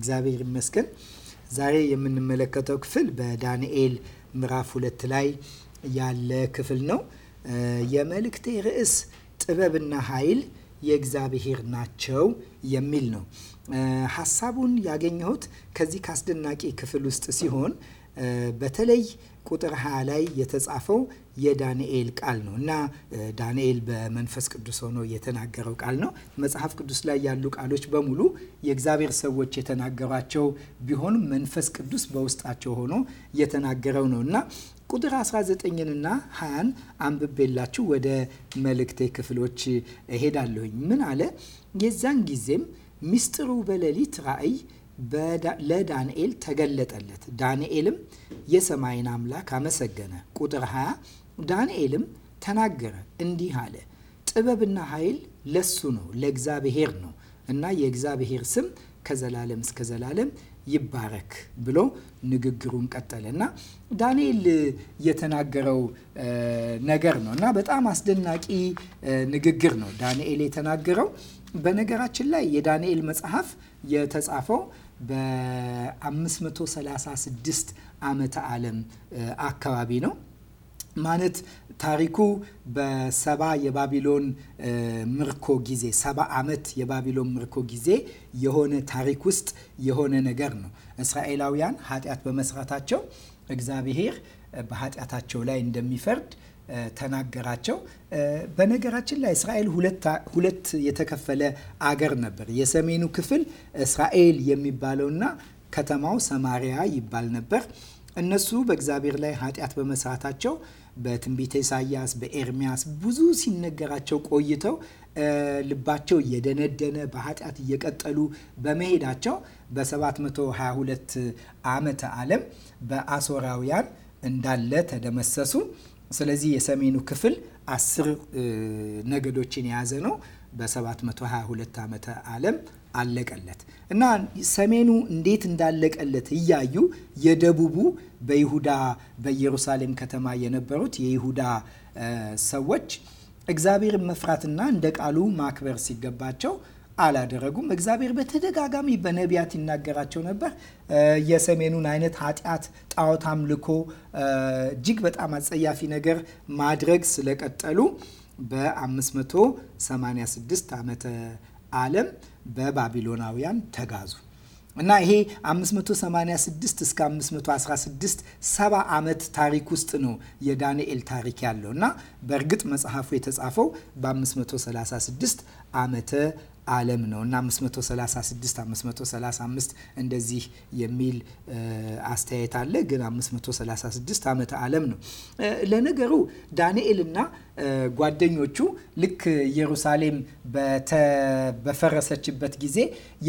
እግዚአብሔር ይመስገን። ዛሬ የምንመለከተው ክፍል በዳንኤል ምዕራፍ ሁለት ላይ ያለ ክፍል ነው። የመልእክቴ ርዕስ ጥበብና ኃይል የእግዚአብሔር ናቸው የሚል ነው። ሀሳቡን ያገኘሁት ከዚህ ከአስደናቂ ክፍል ውስጥ ሲሆን በተለይ ቁጥር 20 ላይ የተጻፈው የዳንኤል ቃል ነው እና ዳንኤል በመንፈስ ቅዱስ ሆኖ የተናገረው ቃል ነው። መጽሐፍ ቅዱስ ላይ ያሉ ቃሎች በሙሉ የእግዚአብሔር ሰዎች የተናገሯቸው ቢሆንም መንፈስ ቅዱስ በውስጣቸው ሆኖ የተናገረው ነው እና ቁጥር 19 ና 20ን አንብቤላችሁ ወደ መልእክቴ ክፍሎች እሄዳለሁኝ። ምን አለ? የዛን ጊዜም ሚስጥሩ በሌሊት ራእይ ለዳንኤል ተገለጠለት። ዳንኤልም የሰማይን አምላክ አመሰገነ። ቁጥር 20 ዳንኤልም ተናገረ እንዲህ አለ፣ ጥበብና ኃይል ለሱ ነው ለእግዚአብሔር ነው እና የእግዚአብሔር ስም ከዘላለም እስከ ዘላለም ይባረክ ብሎ ንግግሩን ቀጠለ እና ዳንኤል የተናገረው ነገር ነው እና በጣም አስደናቂ ንግግር ነው ዳንኤል የተናገረው። በነገራችን ላይ የዳንኤል መጽሐፍ የተጻፈው በ536 ዓመተ ዓለም አካባቢ ነው። ማለት ታሪኩ በሰባ የባቢሎን ምርኮ ጊዜ ሰባ ዓመት የባቢሎን ምርኮ ጊዜ የሆነ ታሪክ ውስጥ የሆነ ነገር ነው። እስራኤላውያን ኃጢአት በመስራታቸው እግዚአብሔር በኃጢአታቸው ላይ እንደሚፈርድ ተናገራቸው። በነገራችን ላይ እስራኤል ሁለት የተከፈለ አገር ነበር። የሰሜኑ ክፍል እስራኤል የሚባለውና ከተማው ሰማሪያ ይባል ነበር። እነሱ በእግዚአብሔር ላይ ኃጢአት በመስራታቸው በትንቢተ ኢሳያስ በኤርሚያስ ብዙ ሲነገራቸው ቆይተው ልባቸው እየደነደነ በኃጢአት እየቀጠሉ በመሄዳቸው በ722 ዓመተ ዓለም በአሶራውያን እንዳለ ተደመሰሱ። ስለዚህ የሰሜኑ ክፍል አስር ነገዶችን የያዘ ነው። በ722 ዓመተ ዓለም አለቀለት እና ሰሜኑ እንዴት እንዳለቀለት እያዩ የደቡቡ በይሁዳ በኢየሩሳሌም ከተማ የነበሩት የይሁዳ ሰዎች እግዚአብሔርን መፍራትና እንደ ቃሉ ማክበር ሲገባቸው አላደረጉም። እግዚአብሔር በተደጋጋሚ በነቢያት ይናገራቸው ነበር። የሰሜኑን አይነት ኃጢአት፣ ጣዖት አምልኮ፣ እጅግ በጣም አጸያፊ ነገር ማድረግ ስለቀጠሉ በ586 ዓመተ ዓለም በባቢሎናውያን ተጋዙ እና ይሄ 586 እስከ 516 ሰባ ዓመት ታሪክ ውስጥ ነው የዳንኤል ታሪክ ያለው እና በእርግጥ መጽሐፉ የተጻፈው በ536 ዓመተ ዓለም ነው እና 536 535 እንደዚህ የሚል አስተያየት አለ። ግን 536 ዓመተ ዓለም ነው። ለነገሩ ዳንኤልና ጓደኞቹ ልክ ኢየሩሳሌም በፈረሰችበት ጊዜ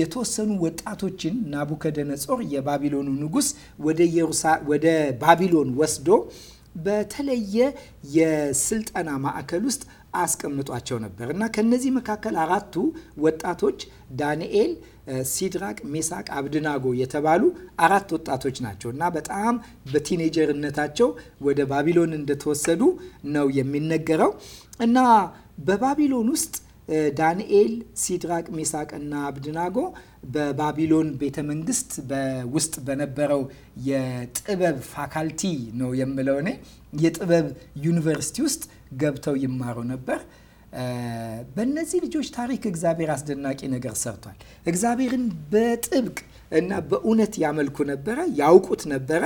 የተወሰኑ ወጣቶችን ናቡከደነጾር የባቢሎኑ ንጉስ ወደ ባቢሎን ወስዶ በተለየ የስልጠና ማዕከል ውስጥ አስቀምጧቸው ነበር እና ከነዚህ መካከል አራቱ ወጣቶች ዳንኤል፣ ሲድራቅ፣ ሚሳቅ፣ አብድናጎ የተባሉ አራት ወጣቶች ናቸው እና በጣም በቲኔጀርነታቸው ወደ ባቢሎን እንደተወሰዱ ነው የሚነገረው እና በባቢሎን ውስጥ ዳንኤል፣ ሲድራቅ፣ ሜሳቅ እና አብድናጎ በባቢሎን ቤተ መንግስት ውስጥ በነበረው የጥበብ ፋካልቲ ነው የምለው እኔ የጥበብ ዩኒቨርሲቲ ውስጥ ገብተው ይማሩ ነበር። በእነዚህ ልጆች ታሪክ እግዚአብሔር አስደናቂ ነገር ሰርቷል። እግዚአብሔርን በጥብቅ እና በእውነት ያመልኩ ነበረ፣ ያውቁት ነበረ።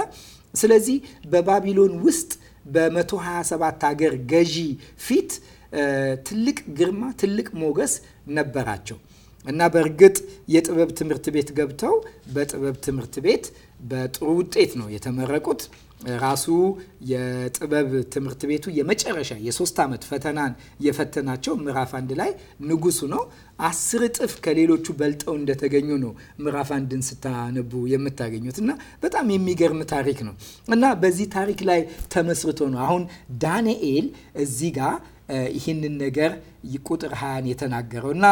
ስለዚህ በባቢሎን ውስጥ በ127 ሀገር ገዢ ፊት ትልቅ ግርማ፣ ትልቅ ሞገስ ነበራቸው እና በእርግጥ የጥበብ ትምህርት ቤት ገብተው በጥበብ ትምህርት ቤት በጥሩ ውጤት ነው የተመረቁት። ራሱ የጥበብ ትምህርት ቤቱ የመጨረሻ የሶስት ዓመት ፈተናን የፈተናቸው ምዕራፍ አንድ ላይ ንጉሱ ነው አስር እጥፍ ከሌሎቹ በልጠው እንደተገኙ ነው ምዕራፍ አንድን ስታነቡ የምታገኙት እና በጣም የሚገርም ታሪክ ነው እና በዚህ ታሪክ ላይ ተመስርቶ ነው አሁን ዳንኤል እዚህ ጋር ይህንን ነገር ቁጥር ሀያን የተናገረው እና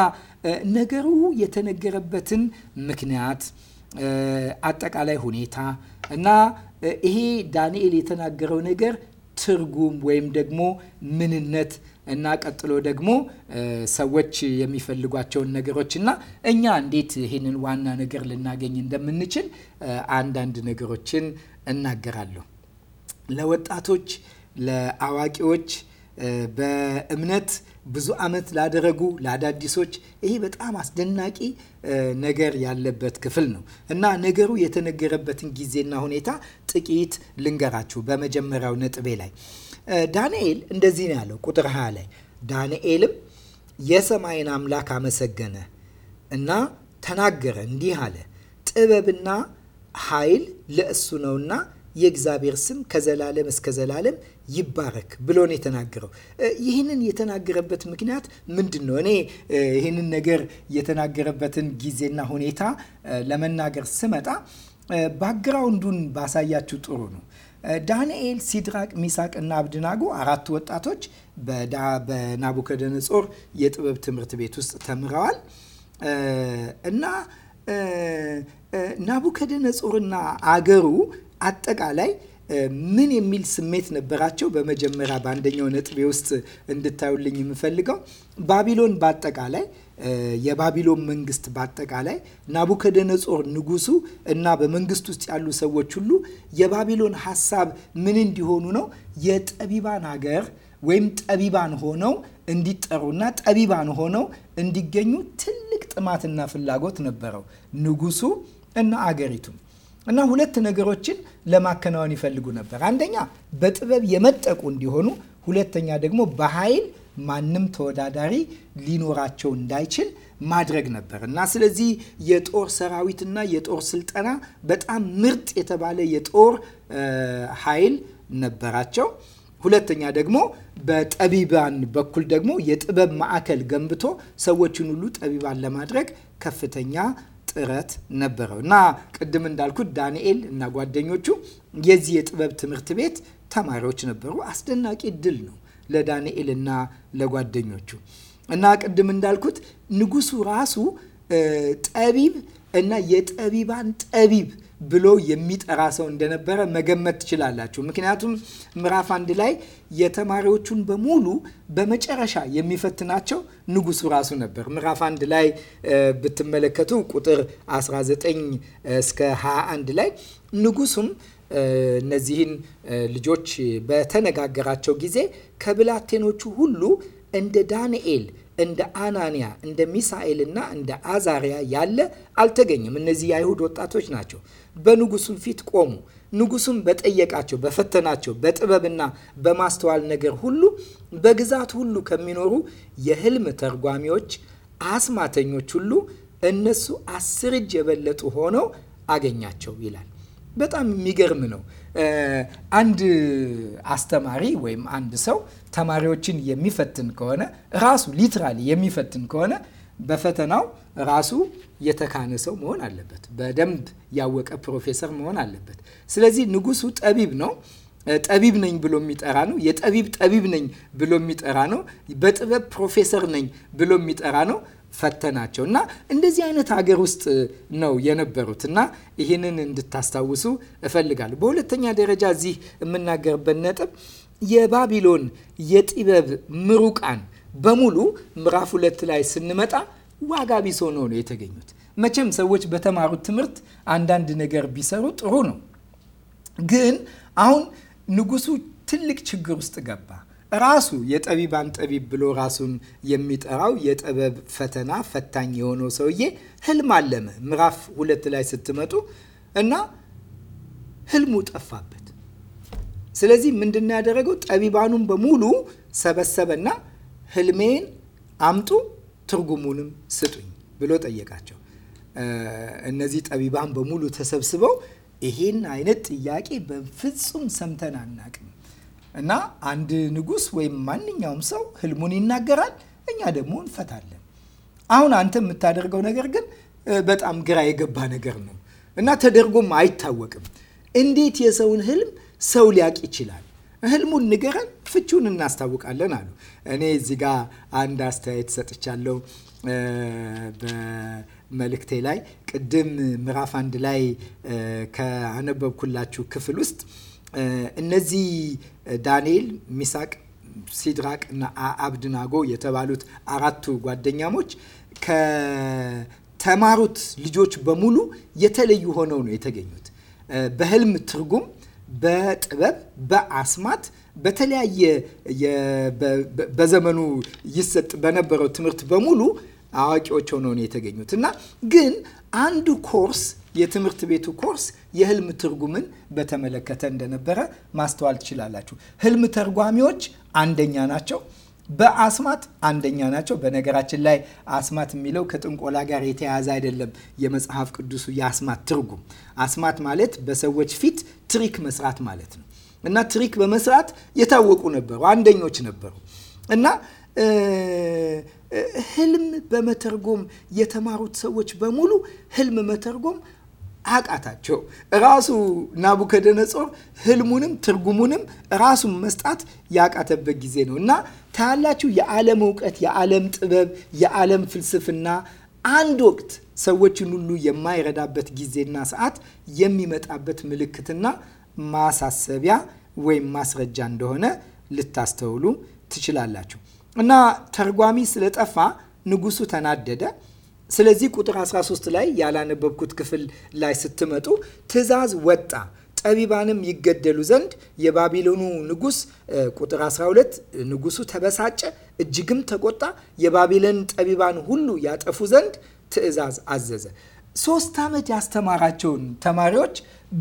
ነገሩ የተነገረበትን ምክንያት አጠቃላይ ሁኔታ እና ይሄ ዳንኤል የተናገረው ነገር ትርጉም ወይም ደግሞ ምንነት እና ቀጥሎ ደግሞ ሰዎች የሚፈልጓቸውን ነገሮች እና እኛ እንዴት ይህንን ዋና ነገር ልናገኝ እንደምንችል አንዳንድ ነገሮችን እናገራለሁ። ለወጣቶች፣ ለአዋቂዎች በእምነት ብዙ ዓመት ላደረጉ ለአዳዲሶች ይሄ በጣም አስደናቂ ነገር ያለበት ክፍል ነው እና ነገሩ የተነገረበትን ጊዜና ሁኔታ ጥቂት ልንገራችሁ። በመጀመሪያው ነጥቤ ላይ ዳንኤል እንደዚህ ነው ያለው። ቁጥር 20 ላይ ዳንኤልም የሰማይን አምላክ አመሰገነ እና ተናገረ፣ እንዲህ አለ ጥበብና ኃይል ለእሱ ነውና የእግዚአብሔር ስም ከዘላለም እስከ ዘላለም ይባረክ ብሎ ነው የተናገረው። ይህንን የተናገረበት ምክንያት ምንድን ነው? እኔ ይህንን ነገር የተናገረበትን ጊዜና ሁኔታ ለመናገር ስመጣ ባክግራውንዱን ባሳያችሁ ጥሩ ነው። ዳንኤል፣ ሲድራቅ፣ ሚሳቅ እና አብድናጎ አራት ወጣቶች በናቡከደነጾር የጥበብ ትምህርት ቤት ውስጥ ተምረዋል እና ናቡከደነጾርና አገሩ አጠቃላይ ምን የሚል ስሜት ነበራቸው? በመጀመሪያ በአንደኛው ነጥቤ ውስጥ እንድታዩልኝ የምፈልገው ባቢሎን በአጠቃላይ የባቢሎን መንግስት በአጠቃላይ ናቡከደነጾር ንጉሱ እና በመንግስት ውስጥ ያሉ ሰዎች ሁሉ የባቢሎን ሀሳብ ምን እንዲሆኑ ነው? የጠቢባን ሀገር ወይም ጠቢባን ሆነው እንዲጠሩና ጠቢባን ሆነው እንዲገኙ ትልቅ ጥማትና ፍላጎት ነበረው ንጉሱ እና አገሪቱም እና ሁለት ነገሮችን ለማከናወን ይፈልጉ ነበር። አንደኛ በጥበብ የመጠቁ እንዲሆኑ፣ ሁለተኛ ደግሞ በኃይል ማንም ተወዳዳሪ ሊኖራቸው እንዳይችል ማድረግ ነበር እና ስለዚህ የጦር ሰራዊትና የጦር ስልጠና በጣም ምርጥ የተባለ የጦር ኃይል ነበራቸው። ሁለተኛ ደግሞ በጠቢባን በኩል ደግሞ የጥበብ ማዕከል ገንብቶ ሰዎችን ሁሉ ጠቢባን ለማድረግ ከፍተኛ ጥረት ነበረው እና ቅድም እንዳልኩት ዳንኤል እና ጓደኞቹ የዚህ የጥበብ ትምህርት ቤት ተማሪዎች ነበሩ። አስደናቂ ድል ነው ለዳንኤል እና ለጓደኞቹ እና ቅድም እንዳልኩት ንጉሱ ራሱ ጠቢብ እና የጠቢባን ጠቢብ ብሎ የሚጠራ ሰው እንደነበረ መገመት ትችላላችሁ። ምክንያቱም ምዕራፍ አንድ ላይ የተማሪዎቹን በሙሉ በመጨረሻ የሚፈትናቸው ንጉሱ ራሱ ነበር። ምዕራፍ አንድ ላይ ብትመለከቱ ቁጥር 19 እስከ 21 ላይ ንጉሱም እነዚህን ልጆች በተነጋገራቸው ጊዜ ከብላቴኖቹ ሁሉ እንደ ዳንኤል እንደ አናንያ እንደ ሚሳኤልና እንደ አዛሪያ ያለ አልተገኘም። እነዚህ የአይሁድ ወጣቶች ናቸው። በንጉሱም ፊት ቆሙ። ንጉሱም በጠየቃቸው በፈተናቸው፣ በጥበብና በማስተዋል ነገር ሁሉ በግዛት ሁሉ ከሚኖሩ የህልም ተርጓሚዎች፣ አስማተኞች ሁሉ እነሱ አስር እጅ የበለጡ ሆነው አገኛቸው ይላል። በጣም የሚገርም ነው። አንድ አስተማሪ ወይም አንድ ሰው ተማሪዎችን የሚፈትን ከሆነ ራሱ ሊትራሊ የሚፈትን ከሆነ በፈተናው ራሱ የተካነ ሰው መሆን አለበት። በደንብ ያወቀ ፕሮፌሰር መሆን አለበት። ስለዚህ ንጉሱ ጠቢብ ነው። ጠቢብ ነኝ ብሎ የሚጠራ ነው። የጠቢብ ጠቢብ ነኝ ብሎ የሚጠራ ነው። በጥበብ ፕሮፌሰር ነኝ ብሎ የሚጠራ ነው። ፈተናቸው እና እንደዚህ አይነት ሀገር ውስጥ ነው የነበሩት እና ይህንን እንድታስታውሱ እፈልጋለሁ። በሁለተኛ ደረጃ እዚህ የምናገርበት ነጥብ የባቢሎን የጥበብ ምሩቃን በሙሉ ምዕራፍ ሁለት ላይ ስንመጣ ዋጋ ቢስ ሆነው ነው የተገኙት። መቼም ሰዎች በተማሩት ትምህርት አንዳንድ ነገር ቢሰሩ ጥሩ ነው። ግን አሁን ንጉሱ ትልቅ ችግር ውስጥ ገባ። ራሱ የጠቢባን ጠቢብ ብሎ ራሱን የሚጠራው የጥበብ ፈተና ፈታኝ የሆነው ሰውዬ ህልም አለመ። ምዕራፍ ሁለት ላይ ስትመጡ እና ህልሙ ጠፋበት። ስለዚህ ምንድን ነው ያደረገው? ጠቢባኑን በሙሉ ሰበሰበና ህልሜን አምጡ ትርጉሙንም ስጡኝ ብሎ ጠየቃቸው። እነዚህ ጠቢባን በሙሉ ተሰብስበው ይሄን አይነት ጥያቄ በፍጹም ሰምተን አናቅም እና አንድ ንጉስ ወይም ማንኛውም ሰው ህልሙን ይናገራል፣ እኛ ደግሞ እንፈታለን። አሁን አንተ የምታደርገው ነገር ግን በጣም ግራ የገባ ነገር ነው እና ተደርጎም አይታወቅም። እንዴት የሰውን ህልም ሰው ሊያውቅ ይችላል። ህልሙን ንገረን፣ ፍቹን እናስታውቃለን አሉ። እኔ እዚህ ጋ አንድ አስተያየት ሰጥቻለሁ በመልእክቴ ላይ ቅድም ምዕራፍ አንድ ላይ ከአነበብኩላችሁ ክፍል ውስጥ እነዚህ ዳንኤል፣ ሚሳቅ፣ ሲድራቅ እና አብድናጎ የተባሉት አራቱ ጓደኛሞች ከተማሩት ልጆች በሙሉ የተለዩ ሆነው ነው የተገኙት በህልም ትርጉም በጥበብ በአስማት በተለያየ በዘመኑ ይሰጥ በነበረው ትምህርት በሙሉ አዋቂዎች ሆነው ነው የተገኙት እና ግን አንዱ ኮርስ የትምህርት ቤቱ ኮርስ የህልም ትርጉምን በተመለከተ እንደነበረ ማስተዋል ትችላላችሁ። ህልም ተርጓሚዎች አንደኛ ናቸው። በአስማት አንደኛ ናቸው። በነገራችን ላይ አስማት የሚለው ከጥንቆላ ጋር የተያያዘ አይደለም። የመጽሐፍ ቅዱሱ የአስማት ትርጉም አስማት ማለት በሰዎች ፊት ትሪክ መስራት ማለት ነው እና ትሪክ በመስራት የታወቁ ነበሩ፣ አንደኞች ነበሩ እና ህልም በመተርጎም የተማሩት ሰዎች በሙሉ ህልም መተርጎም አቃታቸው። ራሱ ናቡከደነጾር ህልሙንም ትርጉሙንም ራሱን መስጣት ያቃተበት ጊዜ ነው እና ታያላችሁ፣ የዓለም እውቀት፣ የዓለም ጥበብ፣ የዓለም ፍልስፍና አንድ ወቅት ሰዎችን ሁሉ የማይረዳበት ጊዜና ሰዓት የሚመጣበት ምልክትና ማሳሰቢያ ወይም ማስረጃ እንደሆነ ልታስተውሉ ትችላላችሁ። እና ተርጓሚ ስለጠፋ ንጉሱ ተናደደ። ስለዚህ ቁጥር 13 ላይ ያላነበብኩት ክፍል ላይ ስትመጡ ትእዛዝ ወጣ ጠቢባንም ይገደሉ ዘንድ የባቢሎኑ ንጉስ ቁጥር 12 ንጉሱ ተበሳጨ፣ እጅግም ተቆጣ። የባቢሎን ጠቢባን ሁሉ ያጠፉ ዘንድ ትእዛዝ አዘዘ። ሶስት ዓመት ያስተማራቸውን ተማሪዎች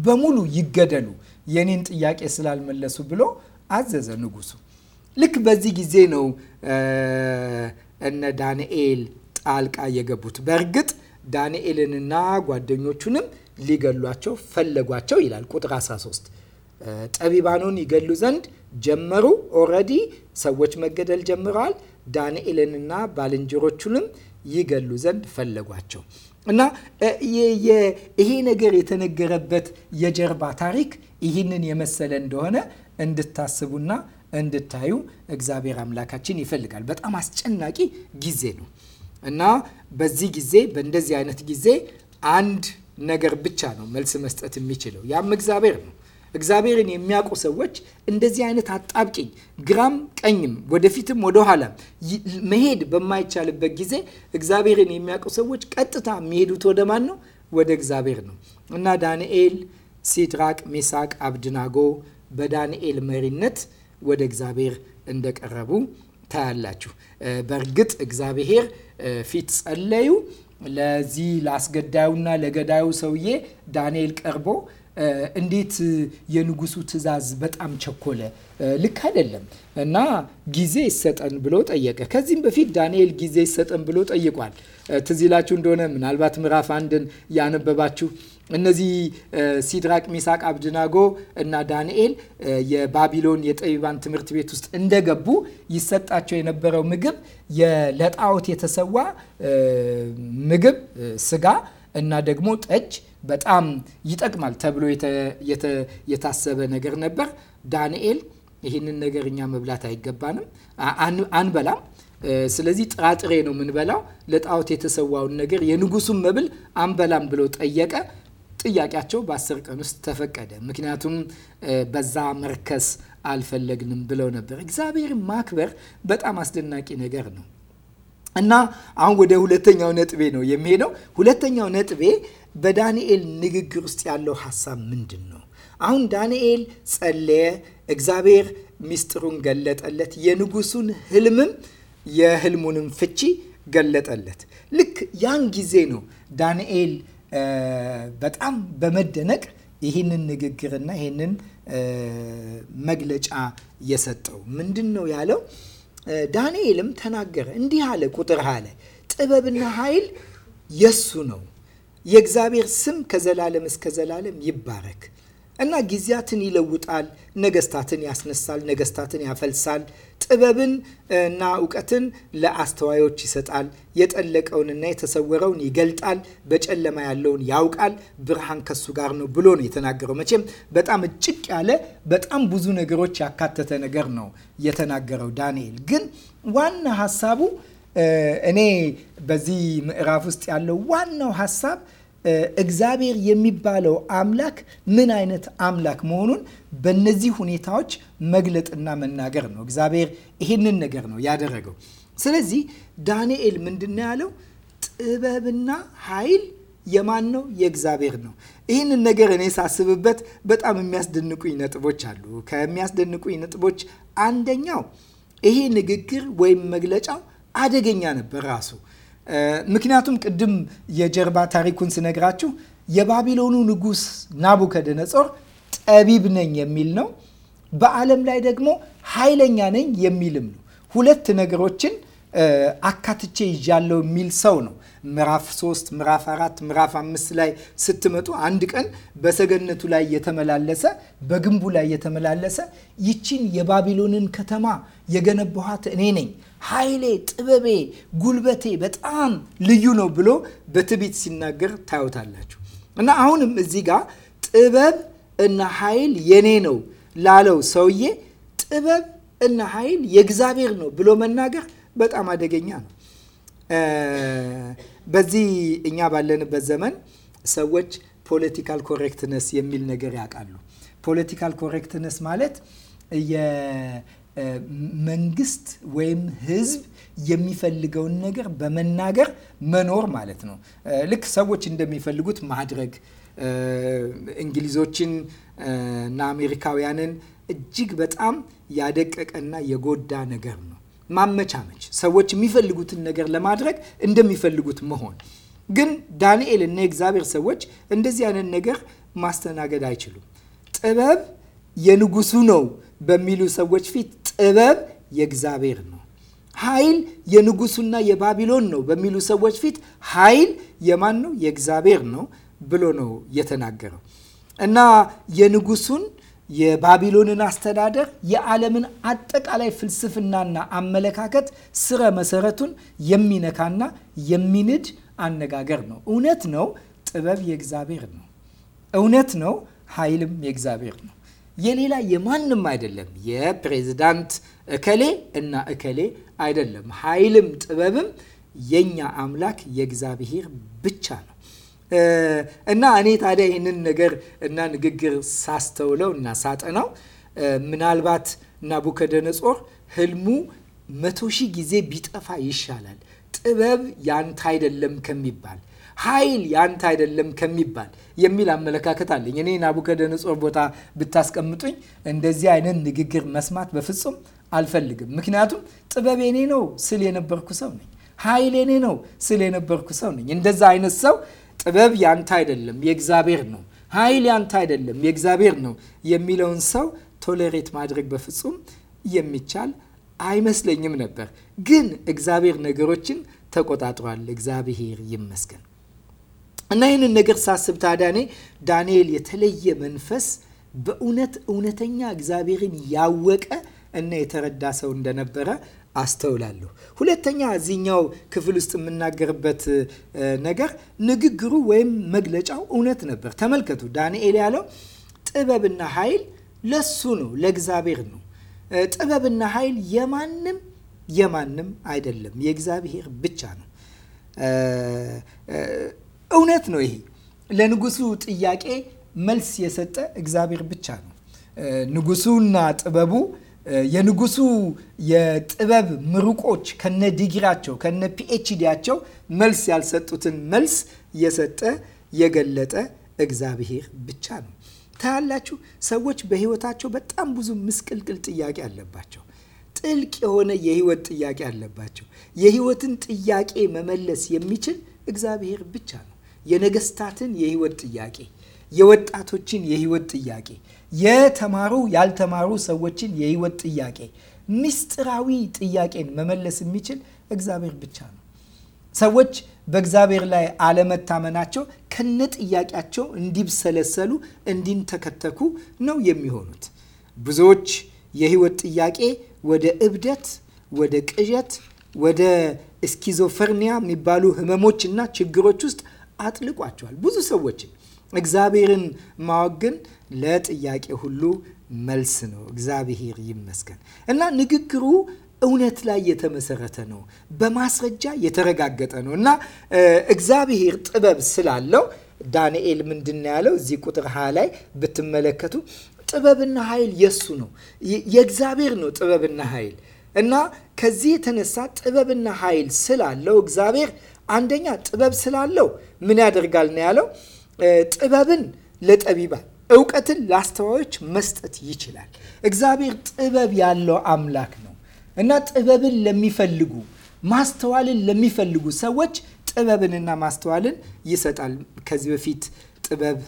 በሙሉ ይገደሉ፣ የኔን ጥያቄ ስላልመለሱ ብሎ አዘዘ ንጉሱ። ልክ በዚህ ጊዜ ነው እነ ዳንኤል ጣልቃ የገቡት። በእርግጥ ዳንኤልንና ጓደኞቹንም ሊገሏቸው ፈለጓቸው ይላል ቁጥር 13 ጠቢባኑን ይገሉ ዘንድ ጀመሩ። ኦረዲ ሰዎች መገደል ጀምረዋል። ዳንኤልንና ባልንጀሮቹንም ይገሉ ዘንድ ፈለጓቸው እና ይሄ ነገር የተነገረበት የጀርባ ታሪክ ይህንን የመሰለ እንደሆነ እንድታስቡና እንድታዩ እግዚአብሔር አምላካችን ይፈልጋል። በጣም አስጨናቂ ጊዜ ነው። እና በዚህ ጊዜ በእንደዚህ አይነት ጊዜ አንድ ነገር ብቻ ነው መልስ መስጠት የሚችለው ያም እግዚአብሔር ነው። እግዚአብሔርን የሚያውቁ ሰዎች እንደዚህ አይነት አጣብቂኝ፣ ግራም ቀኝም፣ ወደፊትም ወደኋላም መሄድ በማይቻልበት ጊዜ እግዚአብሔርን የሚያውቁ ሰዎች ቀጥታ የሚሄዱት ወደ ማን ነው? ወደ እግዚአብሔር ነው እና ዳንኤል፣ ሲድራቅ፣ ሚሳቅ፣ አብድናጎ በዳንኤል መሪነት ወደ እግዚአብሔር እንደቀረቡ ታያላችሁ። በእርግጥ እግዚአብሔር ፊት ጸለዩ። ለዚህ ለአስገዳዩና ለገዳዩ ሰውዬ ዳንኤል ቀርቦ እንዴት የንጉሱ ትእዛዝ በጣም ቸኮለ፣ ልክ አይደለም እና ጊዜ ይሰጠን ብሎ ጠየቀ። ከዚህም በፊት ዳንኤል ጊዜ ይሰጠን ብሎ ጠይቋል። ትዝ ይላችሁ እንደሆነ ምናልባት ምዕራፍ አንድን ያነበባችሁ እነዚህ ሲድራቅ፣ ሚሳቅ፣ አብድናጎ እና ዳንኤል የባቢሎን የጠቢባን ትምህርት ቤት ውስጥ እንደገቡ ይሰጣቸው የነበረው ምግብ ለጣዖት የተሰዋ ምግብ ስጋ እና ደግሞ ጠጅ በጣም ይጠቅማል ተብሎ የታሰበ ነገር ነበር። ዳንኤል ይህንን ነገር እኛ መብላት አይገባንም፣ አንበላም ስለዚህ ጥራጥሬ ነው የምንበላው፣ ለጣዖት የተሰዋውን ነገር የንጉሱን መብል አንበላም ብሎ ጠየቀ። ጥያቄያቸው በአስር ቀን ውስጥ ተፈቀደ። ምክንያቱም በዛ መርከስ አልፈለግንም ብለው ነበር። እግዚአብሔር ማክበር በጣም አስደናቂ ነገር ነው እና አሁን ወደ ሁለተኛው ነጥቤ ነው የሚሄደው። ሁለተኛው ነጥቤ በዳንኤል ንግግር ውስጥ ያለው ሀሳብ ምንድን ነው? አሁን ዳንኤል ጸለየ፣ እግዚአብሔር ሚስጥሩን ገለጠለት፣ የንጉሱን ህልምም የህልሙንም ፍቺ ገለጠለት። ልክ ያን ጊዜ ነው ዳንኤል በጣም በመደነቅ ይህንን ንግግርና ይህንን መግለጫ የሰጠው ምንድን ነው ያለው? ዳንኤልም ተናገረ እንዲህ አለ። ቁጥር አለ ጥበብና ኃይል የሱ ነው። የእግዚአብሔር ስም ከዘላለም እስከ ዘላለም ይባረክ። እና ጊዜያትን ይለውጣል፣ ነገስታትን ያስነሳል፣ ነገስታትን ያፈልሳል፣ ጥበብን እና እውቀትን ለአስተዋዮች ይሰጣል፣ የጠለቀውንና የተሰወረውን ይገልጣል፣ በጨለማ ያለውን ያውቃል፣ ብርሃን ከሱ ጋር ነው ብሎ ነው የተናገረው። መቼም በጣም እጭቅ ያለ በጣም ብዙ ነገሮች ያካተተ ነገር ነው የተናገረው ዳንኤል። ግን ዋና ሀሳቡ እኔ በዚህ ምዕራፍ ውስጥ ያለው ዋናው ሀሳብ እግዚአብሔር የሚባለው አምላክ ምን አይነት አምላክ መሆኑን በእነዚህ ሁኔታዎች መግለጥና መናገር ነው። እግዚአብሔር ይሄንን ነገር ነው ያደረገው። ስለዚህ ዳንኤል ምንድን ነው ያለው? ጥበብና ኃይል የማን ነው? የእግዚአብሔር ነው። ይህንን ነገር እኔ ሳስብበት በጣም የሚያስደንቁኝ ነጥቦች አሉ። ከሚያስደንቁኝ ነጥቦች አንደኛው ይሄ ንግግር ወይም መግለጫው አደገኛ ነበር ራሱ ምክንያቱም ቅድም የጀርባ ታሪኩን ስነግራችሁ የባቢሎኑ ንጉስ ናቡከደነጾር ጠቢብ ነኝ የሚል ነው። በዓለም ላይ ደግሞ ኃይለኛ ነኝ የሚልም ነው። ሁለት ነገሮችን አካትቼ ይዣለው የሚል ሰው ነው። ምዕራፍ 3 ምዕራፍ 4 ምዕራፍ 5 ላይ ስትመጡ አንድ ቀን በሰገነቱ ላይ የተመላለሰ በግንቡ ላይ የተመላለሰ ይችን የባቢሎንን ከተማ የገነባኋት እኔ ነኝ ኃይሌ፣ ጥበቤ፣ ጉልበቴ በጣም ልዩ ነው ብሎ በትቢት ሲናገር ታዩታላችሁ። እና አሁንም እዚህ ጋር ጥበብ እና ኃይል የኔ ነው ላለው ሰውዬ ጥበብ እና ኃይል የእግዚአብሔር ነው ብሎ መናገር በጣም አደገኛ ነው። በዚህ እኛ ባለንበት ዘመን ሰዎች ፖለቲካል ኮሬክትነስ የሚል ነገር ያውቃሉ። ፖለቲካል ኮሬክትነስ ማለት መንግስት ወይም ህዝብ የሚፈልገውን ነገር በመናገር መኖር ማለት ነው። ልክ ሰዎች እንደሚፈልጉት ማድረግ እንግሊዞችን እና አሜሪካውያንን እጅግ በጣም ያደቀቀና የጎዳ ነገር ነው። ማመቻመች፣ ሰዎች የሚፈልጉትን ነገር ለማድረግ እንደሚፈልጉት መሆን። ግን ዳንኤል እና የእግዚአብሔር ሰዎች እንደዚህ አይነት ነገር ማስተናገድ አይችሉም። ጥበብ የንጉሱ ነው በሚሉ ሰዎች ፊት ጥበብ የእግዚአብሔር ነው፣ ኃይል የንጉሱና የባቢሎን ነው በሚሉ ሰዎች ፊት ኃይል የማን ነው? የእግዚአብሔር ነው ብሎ ነው የተናገረው እና የንጉሱን የባቢሎንን አስተዳደር የዓለምን አጠቃላይ ፍልስፍናና አመለካከት ስረ መሰረቱን የሚነካና የሚንድ አነጋገር ነው። እውነት ነው፣ ጥበብ የእግዚአብሔር ነው። እውነት ነው፣ ኃይልም የእግዚአብሔር ነው። የሌላ የማንም አይደለም። የፕሬዚዳንት እከሌ እና እከሌ አይደለም። ኃይልም ጥበብም የኛ አምላክ የእግዚአብሔር ብቻ ነው እና እኔ ታዲያ ይህንን ነገር እና ንግግር ሳስተውለው እና ሳጠናው ምናልባት ናቡከደነጾር ህልሙ መቶ ሺህ ጊዜ ቢጠፋ ይሻላል ጥበብ ያንተ አይደለም ከሚባል ኃይል ያንተ አይደለም ከሚባል የሚል አመለካከት አለኝ። እኔ ናቡከደነጾር ቦታ ብታስቀምጡኝ እንደዚህ አይነት ንግግር መስማት በፍጹም አልፈልግም። ምክንያቱም ጥበብ የኔ ነው ስል የነበርኩ ሰው ነኝ። ኃይል የኔ ነው ስል የነበርኩ ሰው ነኝ። እንደዛ አይነት ሰው ጥበብ ያንተ አይደለም የእግዚአብሔር ነው፣ ኃይል ያንተ አይደለም የእግዚአብሔር ነው የሚለውን ሰው ቶሌሬት ማድረግ በፍጹም የሚቻል አይመስለኝም ነበር። ግን እግዚአብሔር ነገሮችን ተቆጣጥሯል። እግዚአብሔር ይመስገን። እና ይህንን ነገር ሳስብ ታዲያ እኔ ዳንኤል የተለየ መንፈስ በእውነት እውነተኛ እግዚአብሔርን ያወቀ እና የተረዳ ሰው እንደነበረ አስተውላለሁ። ሁለተኛ እዚህኛው ክፍል ውስጥ የምናገርበት ነገር ንግግሩ ወይም መግለጫው እውነት ነበር። ተመልከቱ፣ ዳንኤል ያለው ጥበብና ኃይል ለሱ ነው፣ ለእግዚአብሔር ነው። ጥበብና ኃይል የማንም የማንም አይደለም፣ የእግዚአብሔር ብቻ ነው። እውነት ነው። ይሄ ለንጉሱ ጥያቄ መልስ የሰጠ እግዚአብሔር ብቻ ነው። ንጉሱና ጥበቡ የንጉሱ የጥበብ ምሩቆች ከነ ዲግሪያቸው ከነ ፒኤችዲያቸው መልስ ያልሰጡትን መልስ የሰጠ የገለጠ እግዚአብሔር ብቻ ነው። ታያላችሁ፣ ሰዎች በህይወታቸው በጣም ብዙ ምስቅልቅል ጥያቄ አለባቸው። ጥልቅ የሆነ የህይወት ጥያቄ አለባቸው። የህይወትን ጥያቄ መመለስ የሚችል እግዚአብሔር ብቻ ነው። የነገስታትን የህይወት ጥያቄ፣ የወጣቶችን የህይወት ጥያቄ፣ የተማሩ ያልተማሩ ሰዎችን የህይወት ጥያቄ፣ ምስጢራዊ ጥያቄን መመለስ የሚችል እግዚአብሔር ብቻ ነው። ሰዎች በእግዚአብሔር ላይ አለመታመናቸው ከነ ጥያቄያቸው እንዲብሰለሰሉ እንዲንተከተኩ ነው የሚሆኑት። ብዙዎች የህይወት ጥያቄ ወደ እብደት፣ ወደ ቅዠት፣ ወደ እስኪዞፈርኒያ የሚባሉ ህመሞች እና ችግሮች ውስጥ አጥልቋቸዋል። ብዙ ሰዎችን እግዚአብሔርን ማወቅ ግን ለጥያቄ ሁሉ መልስ ነው። እግዚአብሔር ይመስገን እና ንግግሩ እውነት ላይ የተመሰረተ ነው፣ በማስረጃ የተረጋገጠ ነው እና እግዚአብሔር ጥበብ ስላለው ዳንኤል ምንድን ያለው? እዚህ ቁጥር ሀያ ላይ ብትመለከቱ ጥበብና ኃይል የሱ ነው፣ የእግዚአብሔር ነው ጥበብና ኃይል እና ከዚህ የተነሳ ጥበብና ኃይል ስላለው እግዚአብሔር አንደኛ ጥበብ ስላለው ምን ያደርጋል ነው ያለው። ጥበብን ለጠቢባን እውቀትን ለአስተዋዮች መስጠት ይችላል። እግዚአብሔር ጥበብ ያለው አምላክ ነው እና ጥበብን ለሚፈልጉ ማስተዋልን ለሚፈልጉ ሰዎች ጥበብንና ማስተዋልን ይሰጣል። ከዚህ በፊት ጥበብ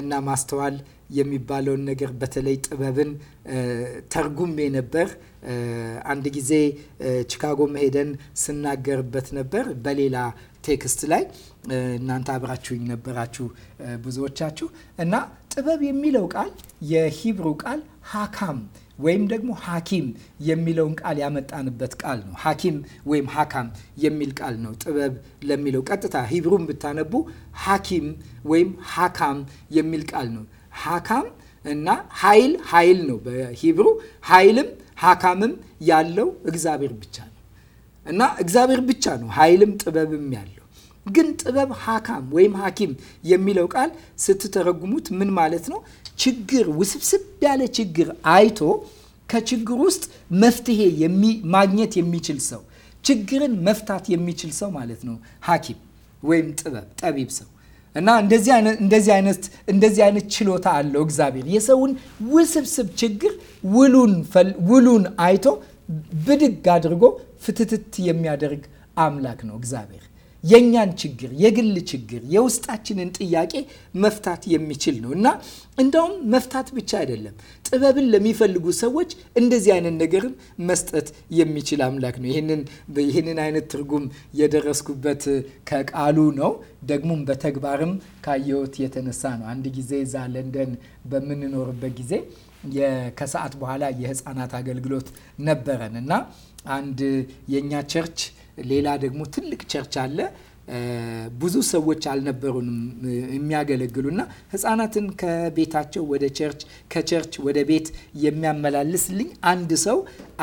እና ማስተዋል የሚባለውን ነገር በተለይ ጥበብን ተርጉሜ ነበር። አንድ ጊዜ ቺካጎ መሄደን ስናገርበት ነበር በሌላ ቴክስት ላይ እናንተ አብራችሁኝ ነበራችሁ ብዙዎቻችሁ። እና ጥበብ የሚለው ቃል የሂብሩ ቃል ሀካም ወይም ደግሞ ሐኪም የሚለውን ቃል ያመጣንበት ቃል ነው። ሐኪም ወይም ሀካም የሚል ቃል ነው። ጥበብ ለሚለው ቀጥታ ሂብሩን ብታነቡ ሐኪም ወይም ሀካም የሚል ቃል ነው። ሀካም እና ኃይል ኃይል ነው በሂብሩ ኃይልም ሀካምም ያለው እግዚአብሔር ብቻ ነው እና እግዚአብሔር ብቻ ነው ኃይልም ጥበብም ያለው ግን ጥበብ ሀካም ወይም ሀኪም የሚለው ቃል ስትተረጉሙት ምን ማለት ነው? ችግር ውስብስብ ያለ ችግር አይቶ ከችግር ውስጥ መፍትሄ ማግኘት የሚችል ሰው፣ ችግርን መፍታት የሚችል ሰው ማለት ነው ሀኪም ወይም ጥበብ ጠቢብ ሰው እና እንደዚህ አይነት ችሎታ አለው እግዚአብሔር የሰውን ውስብስብ ችግር ውሉን አይቶ ብድግ አድርጎ ፍትትት የሚያደርግ አምላክ ነው እግዚአብሔር። የእኛን ችግር፣ የግል ችግር፣ የውስጣችንን ጥያቄ መፍታት የሚችል ነው እና እንደውም መፍታት ብቻ አይደለም ጥበብን ለሚፈልጉ ሰዎች እንደዚህ አይነት ነገርም መስጠት የሚችል አምላክ ነው። ይህንን አይነት ትርጉም የደረስኩበት ከቃሉ ነው። ደግሞም በተግባርም ካየሁት የተነሳ ነው። አንድ ጊዜ እዛ ለንደን በምንኖርበት ጊዜ ከሰዓት በኋላ የህፃናት አገልግሎት ነበረን እና አንድ የእኛ ቸርች ሌላ ደግሞ ትልቅ ቸርች አለ። ብዙ ሰዎች አልነበሩንም የሚያገለግሉና ህፃናትን ከቤታቸው ወደ ቸርች ከቸርች ወደ ቤት የሚያመላልስልኝ አንድ ሰው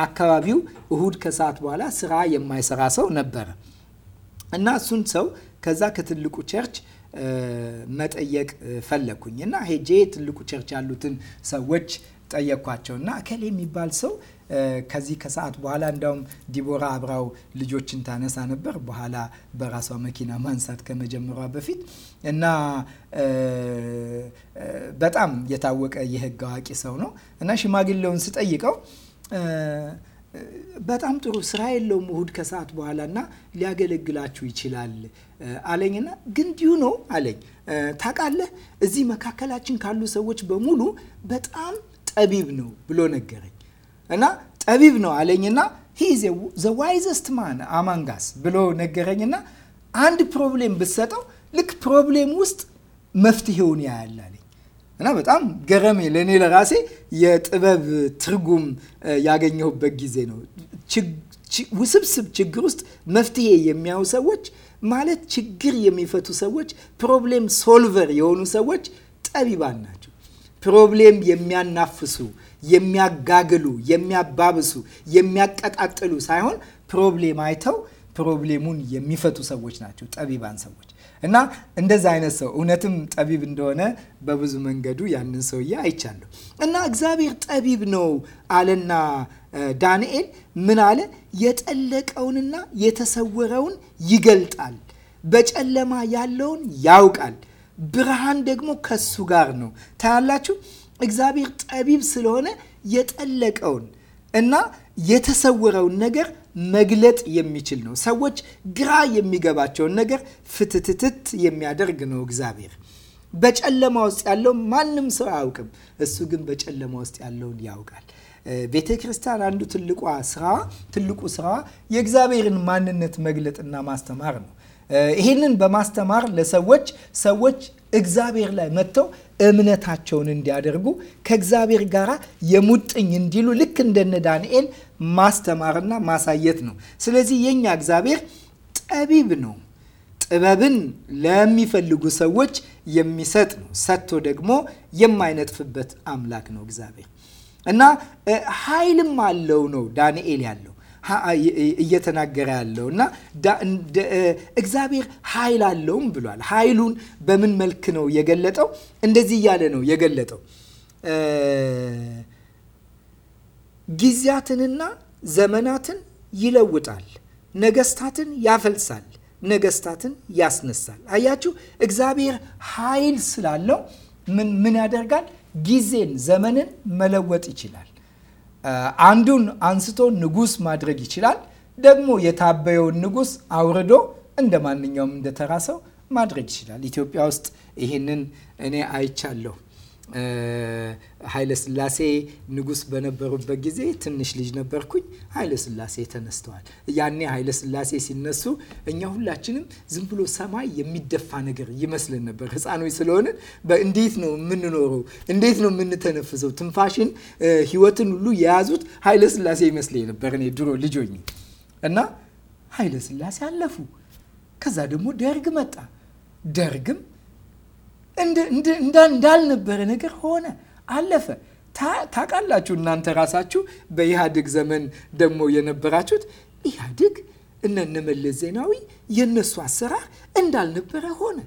አካባቢው እሁድ ከሰዓት በኋላ ስራ የማይሰራ ሰው ነበረ እና እሱን ሰው ከዛ ከትልቁ ቸርች መጠየቅ ፈለግኩኝ እና ሄጄ ትልቁ ቸርች ያሉትን ሰዎች ጠየቅኳቸው እና እከሌ የሚባል ሰው ከዚህ ከሰዓት በኋላ እንዳውም ዲቦራ አብራው ልጆችን ታነሳ ነበር በኋላ በራሷ መኪና ማንሳት ከመጀመሯ በፊት እና በጣም የታወቀ የህግ አዋቂ ሰው ነው እና ሽማግሌውን ስጠይቀው በጣም ጥሩ ስራ የለውም እሁድ ከሰዓት በኋላ እና ሊያገለግላችሁ ይችላል አለኝና ግን ዲሁ ነው አለኝ። ታውቃለህ እዚህ መካከላችን ካሉ ሰዎች በሙሉ በጣም ጠቢብ ነው ብሎ ነገረኝ እና ጠቢብ ነው አለኝና ሂ ዘ ዋይዘስት ማን አማንጋስ ብሎ ነገረኝና አንድ ፕሮብሌም ብትሰጠው ልክ ፕሮብሌም ውስጥ መፍትሄውን ያያል አለኝ እና በጣም ገረሜ ለእኔ ለራሴ የጥበብ ትርጉም ያገኘሁበት ጊዜ ነው። ውስብስብ ችግር ውስጥ መፍትሄ የሚያዩ ሰዎች ማለት ችግር የሚፈቱ ሰዎች፣ ፕሮብሌም ሶልቨር የሆኑ ሰዎች ጠቢባን ናቸው። ፕሮብሌም የሚያናፍሱ፣ የሚያጋግሉ፣ የሚያባብሱ፣ የሚያቀጣጥሉ ሳይሆን ፕሮብሌም አይተው ፕሮብሌሙን የሚፈቱ ሰዎች ናቸው ጠቢባን ሰዎች። እና እንደዚ አይነት ሰው እውነትም ጠቢብ እንደሆነ በብዙ መንገዱ ያንን ሰውዬ አይቻለሁ። እና እግዚአብሔር ጠቢብ ነው አለና ዳንኤል ምን አለ? የጠለቀውንና የተሰወረውን ይገልጣል፣ በጨለማ ያለውን ያውቃል ብርሃን ደግሞ ከሱ ጋር ነው። ታያላችሁ እግዚአብሔር ጠቢብ ስለሆነ የጠለቀውን እና የተሰወረውን ነገር መግለጥ የሚችል ነው። ሰዎች ግራ የሚገባቸውን ነገር ፍትትትት የሚያደርግ ነው እግዚአብሔር። በጨለማ ውስጥ ያለው ማንም ሰው አያውቅም፣ እሱ ግን በጨለማ ውስጥ ያለውን ያውቃል። ቤተ ክርስቲያን አንዱ ትልቋ ስራ ትልቁ ስራ የእግዚአብሔርን ማንነት መግለጥና ማስተማር ነው። ይህንን በማስተማር ለሰዎች ሰዎች እግዚአብሔር ላይ መጥተው እምነታቸውን እንዲያደርጉ ከእግዚአብሔር ጋር የሙጥኝ እንዲሉ ልክ እንደነ ዳንኤል ማስተማርና ማሳየት ነው። ስለዚህ የኛ እግዚአብሔር ጠቢብ ነው። ጥበብን ለሚፈልጉ ሰዎች የሚሰጥ ነው። ሰጥቶ ደግሞ የማይነጥፍበት አምላክ ነው እግዚአብሔር እና ኃይልም አለው ነው ዳንኤል ያለው እየተናገረ ያለው እና እግዚአብሔር ኃይል አለውም ብሏል። ኃይሉን በምን መልክ ነው የገለጠው? እንደዚህ እያለ ነው የገለጠው ጊዜያትንና ዘመናትን ይለውጣል፣ ነገስታትን ያፈልሳል፣ ነገስታትን ያስነሳል። አያችሁ እግዚአብሔር ኃይል ስላለው ምን ምን ያደርጋል? ጊዜን ዘመንን መለወጥ ይችላል። አንዱን አንስቶ ንጉስ ማድረግ ይችላል። ደግሞ የታበየውን ንጉስ አውርዶ እንደ ማንኛውም እንደተራ ሰው ማድረግ ይችላል። ኢትዮጵያ ውስጥ ይህንን እኔ አይቻለሁ። ኃይለ ስላሴ ንጉስ በነበሩበት ጊዜ ትንሽ ልጅ ነበርኩኝ። ኃይለ ስላሴ ተነስተዋል። ያኔ ኃይለ ስላሴ ሲነሱ እኛ ሁላችንም ዝም ብሎ ሰማይ የሚደፋ ነገር ይመስልን ነበር። ህፃኖች ስለሆንን እንዴት ነው የምንኖረው? እንዴት ነው የምንተነፍሰው? ትንፋሽን፣ ህይወትን ሁሉ የያዙት ኃይለ ስላሴ ይመስለኝ ነበር እኔ ድሮ ልጆኝ እና ኃይለ ስላሴ አለፉ። ከዛ ደግሞ ደርግ መጣ። ደርግም እንዳልነበረ ነገር ሆነ፣ አለፈ። ታውቃላችሁ እናንተ ራሳችሁ በኢህአዴግ ዘመን ደግሞ የነበራችሁት ኢህአዴግ እነ መለስ ዜናዊ የእነሱ አሰራር እንዳልነበረ ሆነ።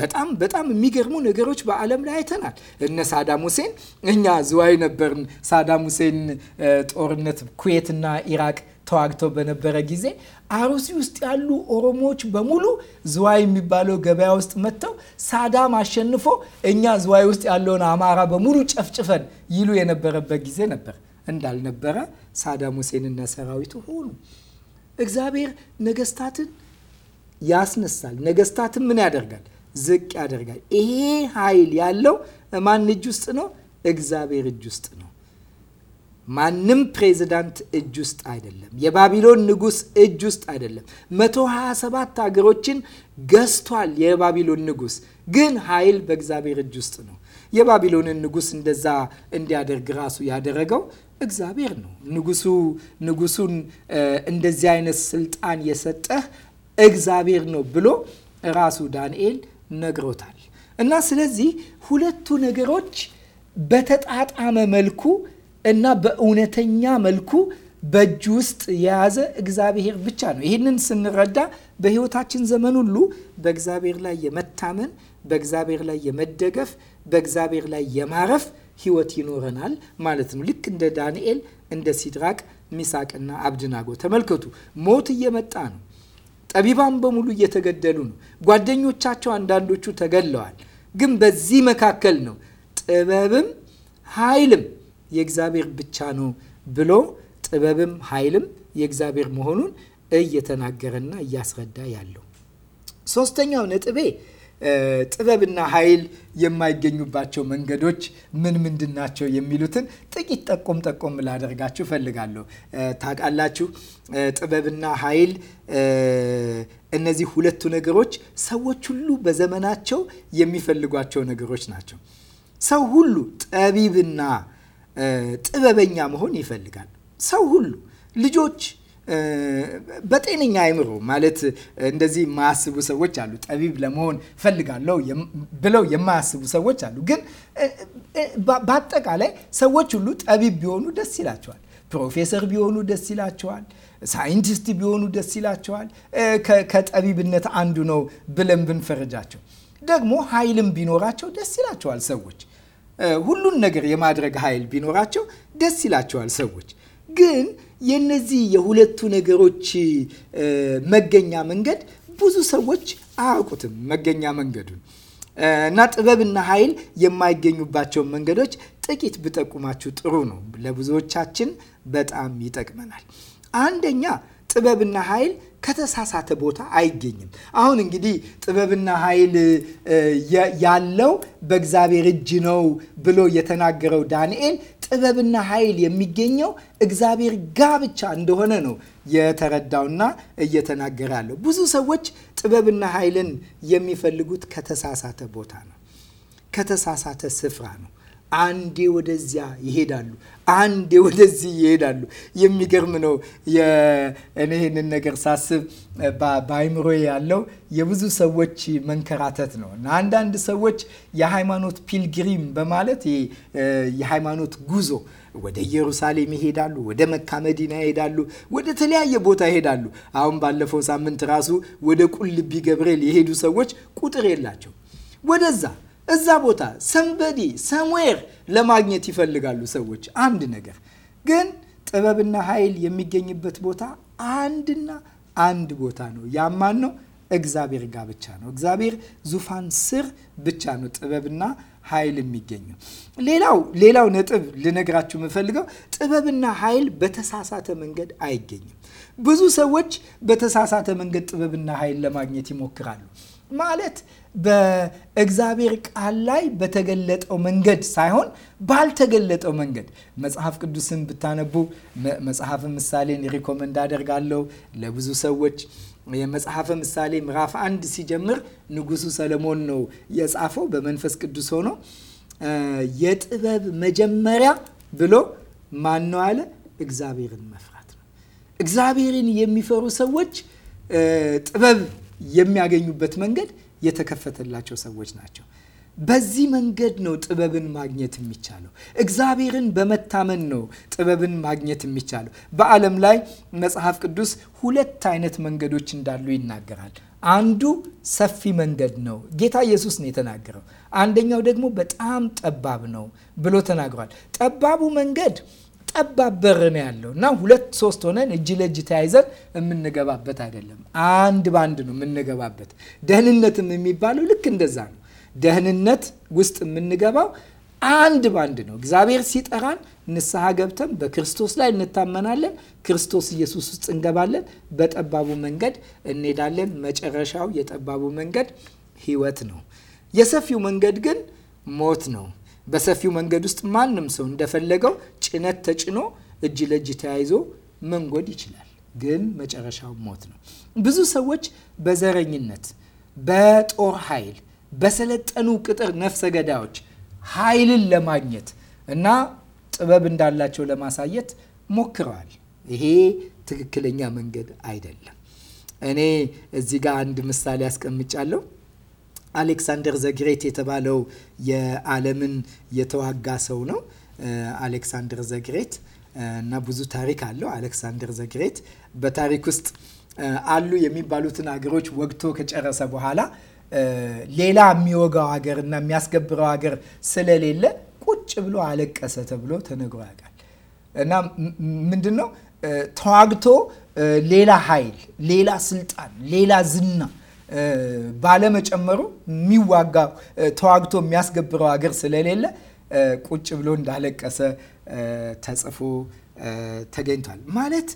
በጣም በጣም የሚገርሙ ነገሮች በዓለም ላይ አይተናል። እነ ሳዳም ሁሴን እኛ ዝዋይ ነበርን። ሳዳም ሁሴን ጦርነት ኩዌትና ኢራቅ ተዋግተው በነበረ ጊዜ አሩሲ ውስጥ ያሉ ኦሮሞዎች በሙሉ ዝዋይ የሚባለው ገበያ ውስጥ መጥተው ሳዳም አሸንፎ እኛ ዝዋይ ውስጥ ያለውን አማራ በሙሉ ጨፍጭፈን ይሉ የነበረበት ጊዜ ነበር። እንዳልነበረ ሳዳም ሁሴንና ሰራዊቱ ሆኑ። እግዚአብሔር ነገስታትን ያስነሳል። ነገስታትም ምን ያደርጋል? ዝቅ ያደርጋል። ይሄ ኃይል ያለው ማን እጅ ውስጥ ነው? እግዚአብሔር እጅ ውስጥ ነው። ማንም ፕሬዚዳንት እጅ ውስጥ አይደለም። የባቢሎን ንጉስ እጅ ውስጥ አይደለም። 127 ሀገሮችን ገዝቷል የባቢሎን ንጉስ፣ ግን ኃይል በእግዚአብሔር እጅ ውስጥ ነው። የባቢሎንን ንጉስ እንደዛ እንዲያደርግ ራሱ ያደረገው እግዚአብሔር ነው። ንጉሱ ንጉሱን እንደዚህ አይነት ስልጣን የሰጠህ እግዚአብሔር ነው ብሎ ራሱ ዳንኤል ነግሮታል። እና ስለዚህ ሁለቱ ነገሮች በተጣጣመ መልኩ እና በእውነተኛ መልኩ በእጅ ውስጥ የያዘ እግዚአብሔር ብቻ ነው። ይህንን ስንረዳ በሕይወታችን ዘመን ሁሉ በእግዚአብሔር ላይ የመታመን በእግዚአብሔር ላይ የመደገፍ በእግዚአብሔር ላይ የማረፍ ሕይወት ይኖረናል ማለት ነው። ልክ እንደ ዳንኤል፣ እንደ ሲድራቅ፣ ሚሳቅና አብድናጎ ተመልከቱ፣ ሞት እየመጣ ነው ጠቢባን በሙሉ እየተገደሉ ነው። ጓደኞቻቸው አንዳንዶቹ ተገድለዋል። ግን በዚህ መካከል ነው ጥበብም ኃይልም የእግዚአብሔር ብቻ ነው ብሎ ጥበብም ኃይልም የእግዚአብሔር መሆኑን እየተናገረና እያስረዳ ያለው ሶስተኛው ነጥቤ ጥበብና ኃይል የማይገኙባቸው መንገዶች ምን ምንድን ናቸው የሚሉትን ጥቂት ጠቆም ጠቆም ላደርጋችሁ እፈልጋለሁ። ታውቃላችሁ ጥበብና ኃይል እነዚህ ሁለቱ ነገሮች ሰዎች ሁሉ በዘመናቸው የሚፈልጓቸው ነገሮች ናቸው። ሰው ሁሉ ጠቢብና ጥበበኛ መሆን ይፈልጋል። ሰው ሁሉ ልጆች በጤነኛ አይምሮ ማለት እንደዚህ የማያስቡ ሰዎች አሉ። ጠቢብ ለመሆን ፈልጋለሁ ብለው የማያስቡ ሰዎች አሉ። ግን በአጠቃላይ ሰዎች ሁሉ ጠቢብ ቢሆኑ ደስ ይላቸዋል። ፕሮፌሰር ቢሆኑ ደስ ይላቸዋል። ሳይንቲስት ቢሆኑ ደስ ይላቸዋል። ከጠቢብነት አንዱ ነው ብለን ብንፈረጃቸው ደግሞ ኃይልም ቢኖራቸው ደስ ይላቸዋል። ሰዎች ሁሉን ነገር የማድረግ ኃይል ቢኖራቸው ደስ ይላቸዋል። ሰዎች ግን የነዚህ የሁለቱ ነገሮች መገኛ መንገድ ብዙ ሰዎች አያውቁትም። መገኛ መንገዱን እና ጥበብና ኃይል የማይገኙባቸውን መንገዶች ጥቂት ብጠቁማችሁ ጥሩ ነው። ለብዙዎቻችን በጣም ይጠቅመናል። አንደኛ ጥበብና ኃይል ከተሳሳተ ቦታ አይገኝም። አሁን እንግዲህ ጥበብና ኃይል ያለው በእግዚአብሔር እጅ ነው ብሎ የተናገረው ዳንኤል ጥበብና ኃይል የሚገኘው እግዚአብሔር ጋ ብቻ እንደሆነ ነው የተረዳውና እየተናገረ ያለው። ብዙ ሰዎች ጥበብና ኃይልን የሚፈልጉት ከተሳሳተ ቦታ ነው፣ ከተሳሳተ ስፍራ ነው። አንዴ ወደዚያ ይሄዳሉ፣ አንዴ ወደዚህ ይሄዳሉ። የሚገርም ነው። እኔ ይህንን ነገር ሳስብ በአይምሮ ያለው የብዙ ሰዎች መንከራተት ነው እና አንዳንድ ሰዎች የሃይማኖት ፒልግሪም በማለት የሃይማኖት ጉዞ ወደ ኢየሩሳሌም ይሄዳሉ፣ ወደ መካ መዲና ይሄዳሉ፣ ወደ ተለያየ ቦታ ይሄዳሉ። አሁን ባለፈው ሳምንት ራሱ ወደ ቁልቢ ገብርኤል የሄዱ ሰዎች ቁጥር የላቸው ወደዛ እዛ ቦታ ሰምበዲ ሰምዌር ለማግኘት ይፈልጋሉ ሰዎች አንድ ነገር። ግን ጥበብና ኃይል የሚገኝበት ቦታ አንድና አንድ ቦታ ነው። ያማን ነው እግዚአብሔር ጋር ብቻ ነው። እግዚአብሔር ዙፋን ስር ብቻ ነው ጥበብና ኃይል የሚገኘው። ሌላው ሌላው ነጥብ ልነግራችሁ የምፈልገው ጥበብና ኃይል በተሳሳተ መንገድ አይገኝም። ብዙ ሰዎች በተሳሳተ መንገድ ጥበብና ኃይል ለማግኘት ይሞክራሉ። ማለት በእግዚአብሔር ቃል ላይ በተገለጠው መንገድ ሳይሆን ባልተገለጠው መንገድ መጽሐፍ ቅዱስን ብታነቡ መጽሐፍ ምሳሌን ሪኮመንድ አደርጋለሁ ለብዙ ሰዎች። የመጽሐፈ ምሳሌ ምዕራፍ አንድ ሲጀምር ንጉሱ ሰለሞን ነው የጻፈው በመንፈስ ቅዱስ ሆኖ የጥበብ መጀመሪያ ብሎ ማን ነው አለ? እግዚአብሔርን መፍራት ነው። እግዚአብሔርን የሚፈሩ ሰዎች ጥበብ የሚያገኙበት መንገድ የተከፈተላቸው ሰዎች ናቸው። በዚህ መንገድ ነው ጥበብን ማግኘት የሚቻለው። እግዚአብሔርን በመታመን ነው ጥበብን ማግኘት የሚቻለው። በዓለም ላይ መጽሐፍ ቅዱስ ሁለት አይነት መንገዶች እንዳሉ ይናገራል። አንዱ ሰፊ መንገድ ነው፣ ጌታ ኢየሱስ ነው የተናገረው። አንደኛው ደግሞ በጣም ጠባብ ነው ብሎ ተናግሯል። ጠባቡ መንገድ ጠባብ በር ነው ያለው እና ሁለት ሶስት ሆነን እጅ ለእጅ ተያይዘን የምንገባበት አይደለም። አንድ በአንድ ነው የምንገባበት። ደህንነትም የሚባለው ልክ እንደዛ ነው። ደህንነት ውስጥ የምንገባው አንድ በአንድ ነው። እግዚአብሔር ሲጠራን ንስሐ ገብተን በክርስቶስ ላይ እንታመናለን። ክርስቶስ ኢየሱስ ውስጥ እንገባለን። በጠባቡ መንገድ እንሄዳለን። መጨረሻው የጠባቡ መንገድ ህይወት ነው። የሰፊው መንገድ ግን ሞት ነው። በሰፊው መንገድ ውስጥ ማንም ሰው እንደፈለገው ጭነት ተጭኖ እጅ ለእጅ ተያይዞ መንጎድ ይችላል። ግን መጨረሻው ሞት ነው። ብዙ ሰዎች በዘረኝነት፣ በጦር ኃይል፣ በሰለጠኑ ቅጥር ነፍሰ ገዳዮች ኃይልን ለማግኘት እና ጥበብ እንዳላቸው ለማሳየት ሞክረዋል። ይሄ ትክክለኛ መንገድ አይደለም። እኔ እዚህ ጋር አንድ ምሳሌ አስቀምጫለሁ። አሌክሳንደር ዘግሬት የተባለው የዓለምን የተዋጋ ሰው ነው። አሌክሳንደር ዘግሬት እና ብዙ ታሪክ አለው። አሌክሳንደር ዘግሬት በታሪክ ውስጥ አሉ የሚባሉትን ሀገሮች ወግቶ ከጨረሰ በኋላ ሌላ የሚወጋው ሀገር እና የሚያስገብረው ሀገር ስለሌለ ቁጭ ብሎ አለቀሰ ተብሎ ተነግሮ ያውቃል። እና ምንድን ነው ተዋግቶ ሌላ ኃይል፣ ሌላ ስልጣን፣ ሌላ ዝና ባለመጨመሩ የሚዋጋው ተዋግቶ የሚያስገብረው ሀገር ስለሌለ ቁጭ ብሎ እንዳለቀሰ ተጽፎ ተገኝቷል። ማለት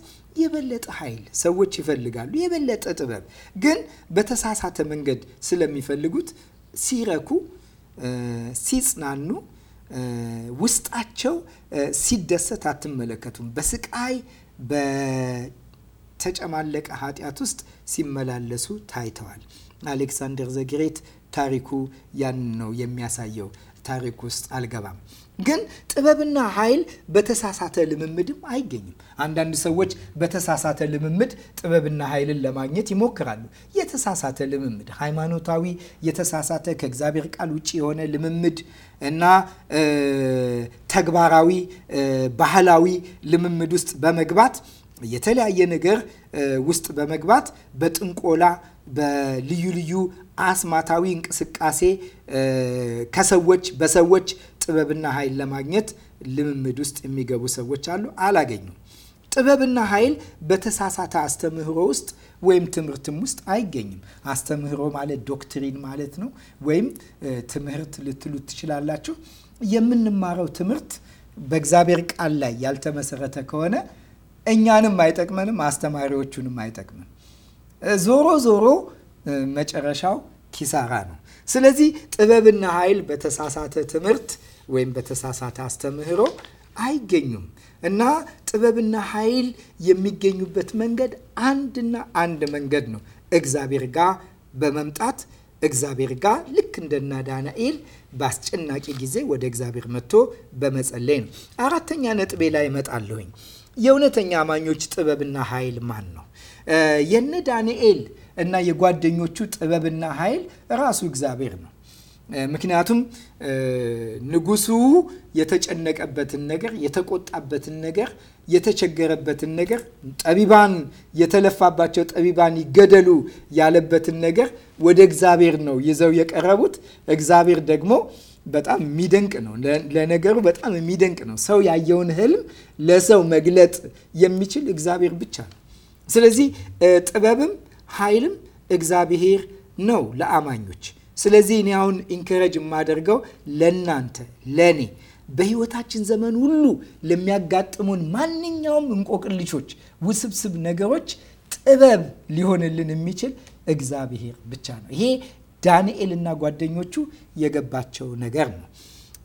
የበለጠ ኃይል ሰዎች ይፈልጋሉ፣ የበለጠ ጥበብ ግን በተሳሳተ መንገድ ስለሚፈልጉት ሲረኩ፣ ሲጽናኑ፣ ውስጣቸው ሲደሰት አትመለከቱም። በስቃይ ተጨማለቀ ኃጢአት ውስጥ ሲመላለሱ ታይተዋል። አሌክሳንደር ዘግሬት ታሪኩ ያን ነው የሚያሳየው። ታሪክ ውስጥ አልገባም። ግን ጥበብና ኃይል በተሳሳተ ልምምድም አይገኝም። አንዳንድ ሰዎች በተሳሳተ ልምምድ ጥበብና ኃይልን ለማግኘት ይሞክራሉ። የተሳሳተ ልምምድ፣ ሃይማኖታዊ የተሳሳተ ከእግዚአብሔር ቃል ውጭ የሆነ ልምምድ እና ተግባራዊ ባህላዊ ልምምድ ውስጥ በመግባት የተለያየ ነገር ውስጥ በመግባት በጥንቆላ በልዩ ልዩ አስማታዊ እንቅስቃሴ ከሰዎች በሰዎች ጥበብና ኃይል ለማግኘት ልምምድ ውስጥ የሚገቡ ሰዎች አሉ። አላገኙም። ጥበብና ኃይል በተሳሳተ አስተምህሮ ውስጥ ወይም ትምህርትም ውስጥ አይገኝም። አስተምህሮ ማለት ዶክትሪን ማለት ነው፣ ወይም ትምህርት ልትሉት ትችላላችሁ። የምንማረው ትምህርት በእግዚአብሔር ቃል ላይ ያልተመሰረተ ከሆነ እኛንም አይጠቅመንም፣ አስተማሪዎቹንም አይጠቅመን። ዞሮ ዞሮ መጨረሻው ኪሳራ ነው። ስለዚህ ጥበብና ኃይል በተሳሳተ ትምህርት ወይም በተሳሳተ አስተምህሮ አይገኙም እና ጥበብና ኃይል የሚገኙበት መንገድ አንድና አንድ መንገድ ነው። እግዚአብሔር ጋር በመምጣት እግዚአብሔር ጋር ልክ እንደና ዳናኤል በአስጨናቂ ጊዜ ወደ እግዚአብሔር መጥቶ በመጸለይ ነው። አራተኛ ነጥቤ ላይ እመጣለሁኝ። የእውነተኛ አማኞች ጥበብና ኃይል ማን ነው? የነ ዳንኤል እና የጓደኞቹ ጥበብና ኃይል ራሱ እግዚአብሔር ነው። ምክንያቱም ንጉሱ የተጨነቀበትን ነገር፣ የተቆጣበትን ነገር፣ የተቸገረበትን ነገር፣ ጠቢባን የተለፋባቸው ጠቢባን ይገደሉ ያለበትን ነገር ወደ እግዚአብሔር ነው ይዘው የቀረቡት። እግዚአብሔር ደግሞ በጣም የሚደንቅ ነው። ለነገሩ በጣም የሚደንቅ ነው። ሰው ያየውን ህልም ለሰው መግለጥ የሚችል እግዚአብሔር ብቻ ነው። ስለዚህ ጥበብም ኃይልም እግዚአብሔር ነው ለአማኞች። ስለዚህ እኔ አሁን ኢንከረጅ የማደርገው ለእናንተ ለእኔ በህይወታችን ዘመን ሁሉ ለሚያጋጥሙን ማንኛውም እንቆቅልሾች፣ ውስብስብ ነገሮች ጥበብ ሊሆንልን የሚችል እግዚአብሔር ብቻ ነው። ይሄ ዳንኤል እና ጓደኞቹ የገባቸው ነገር ነው።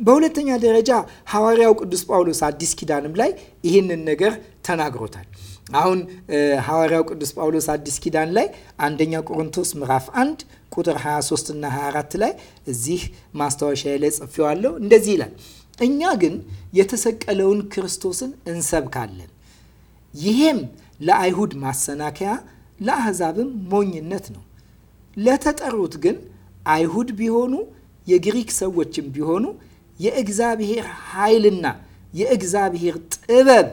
በሁለተኛ ደረጃ ሐዋርያው ቅዱስ ጳውሎስ አዲስ ኪዳንም ላይ ይህንን ነገር ተናግሮታል። አሁን ሐዋርያው ቅዱስ ጳውሎስ አዲስ ኪዳን ላይ አንደኛ ቆሮንቶስ ምዕራፍ 1 ቁጥር 23 እና 24 ላይ እዚህ ማስታወሻ ላይ ጽፌዋለሁ። እንደዚህ ይላል፣ እኛ ግን የተሰቀለውን ክርስቶስን እንሰብካለን፣ ይሄም ለአይሁድ ማሰናከያ ለአሕዛብም ሞኝነት ነው ለተጠሩት ግን አይሁድ ቢሆኑ የግሪክ ሰዎችም ቢሆኑ የእግዚአብሔር ኃይልና የእግዚአብሔር ጥበብ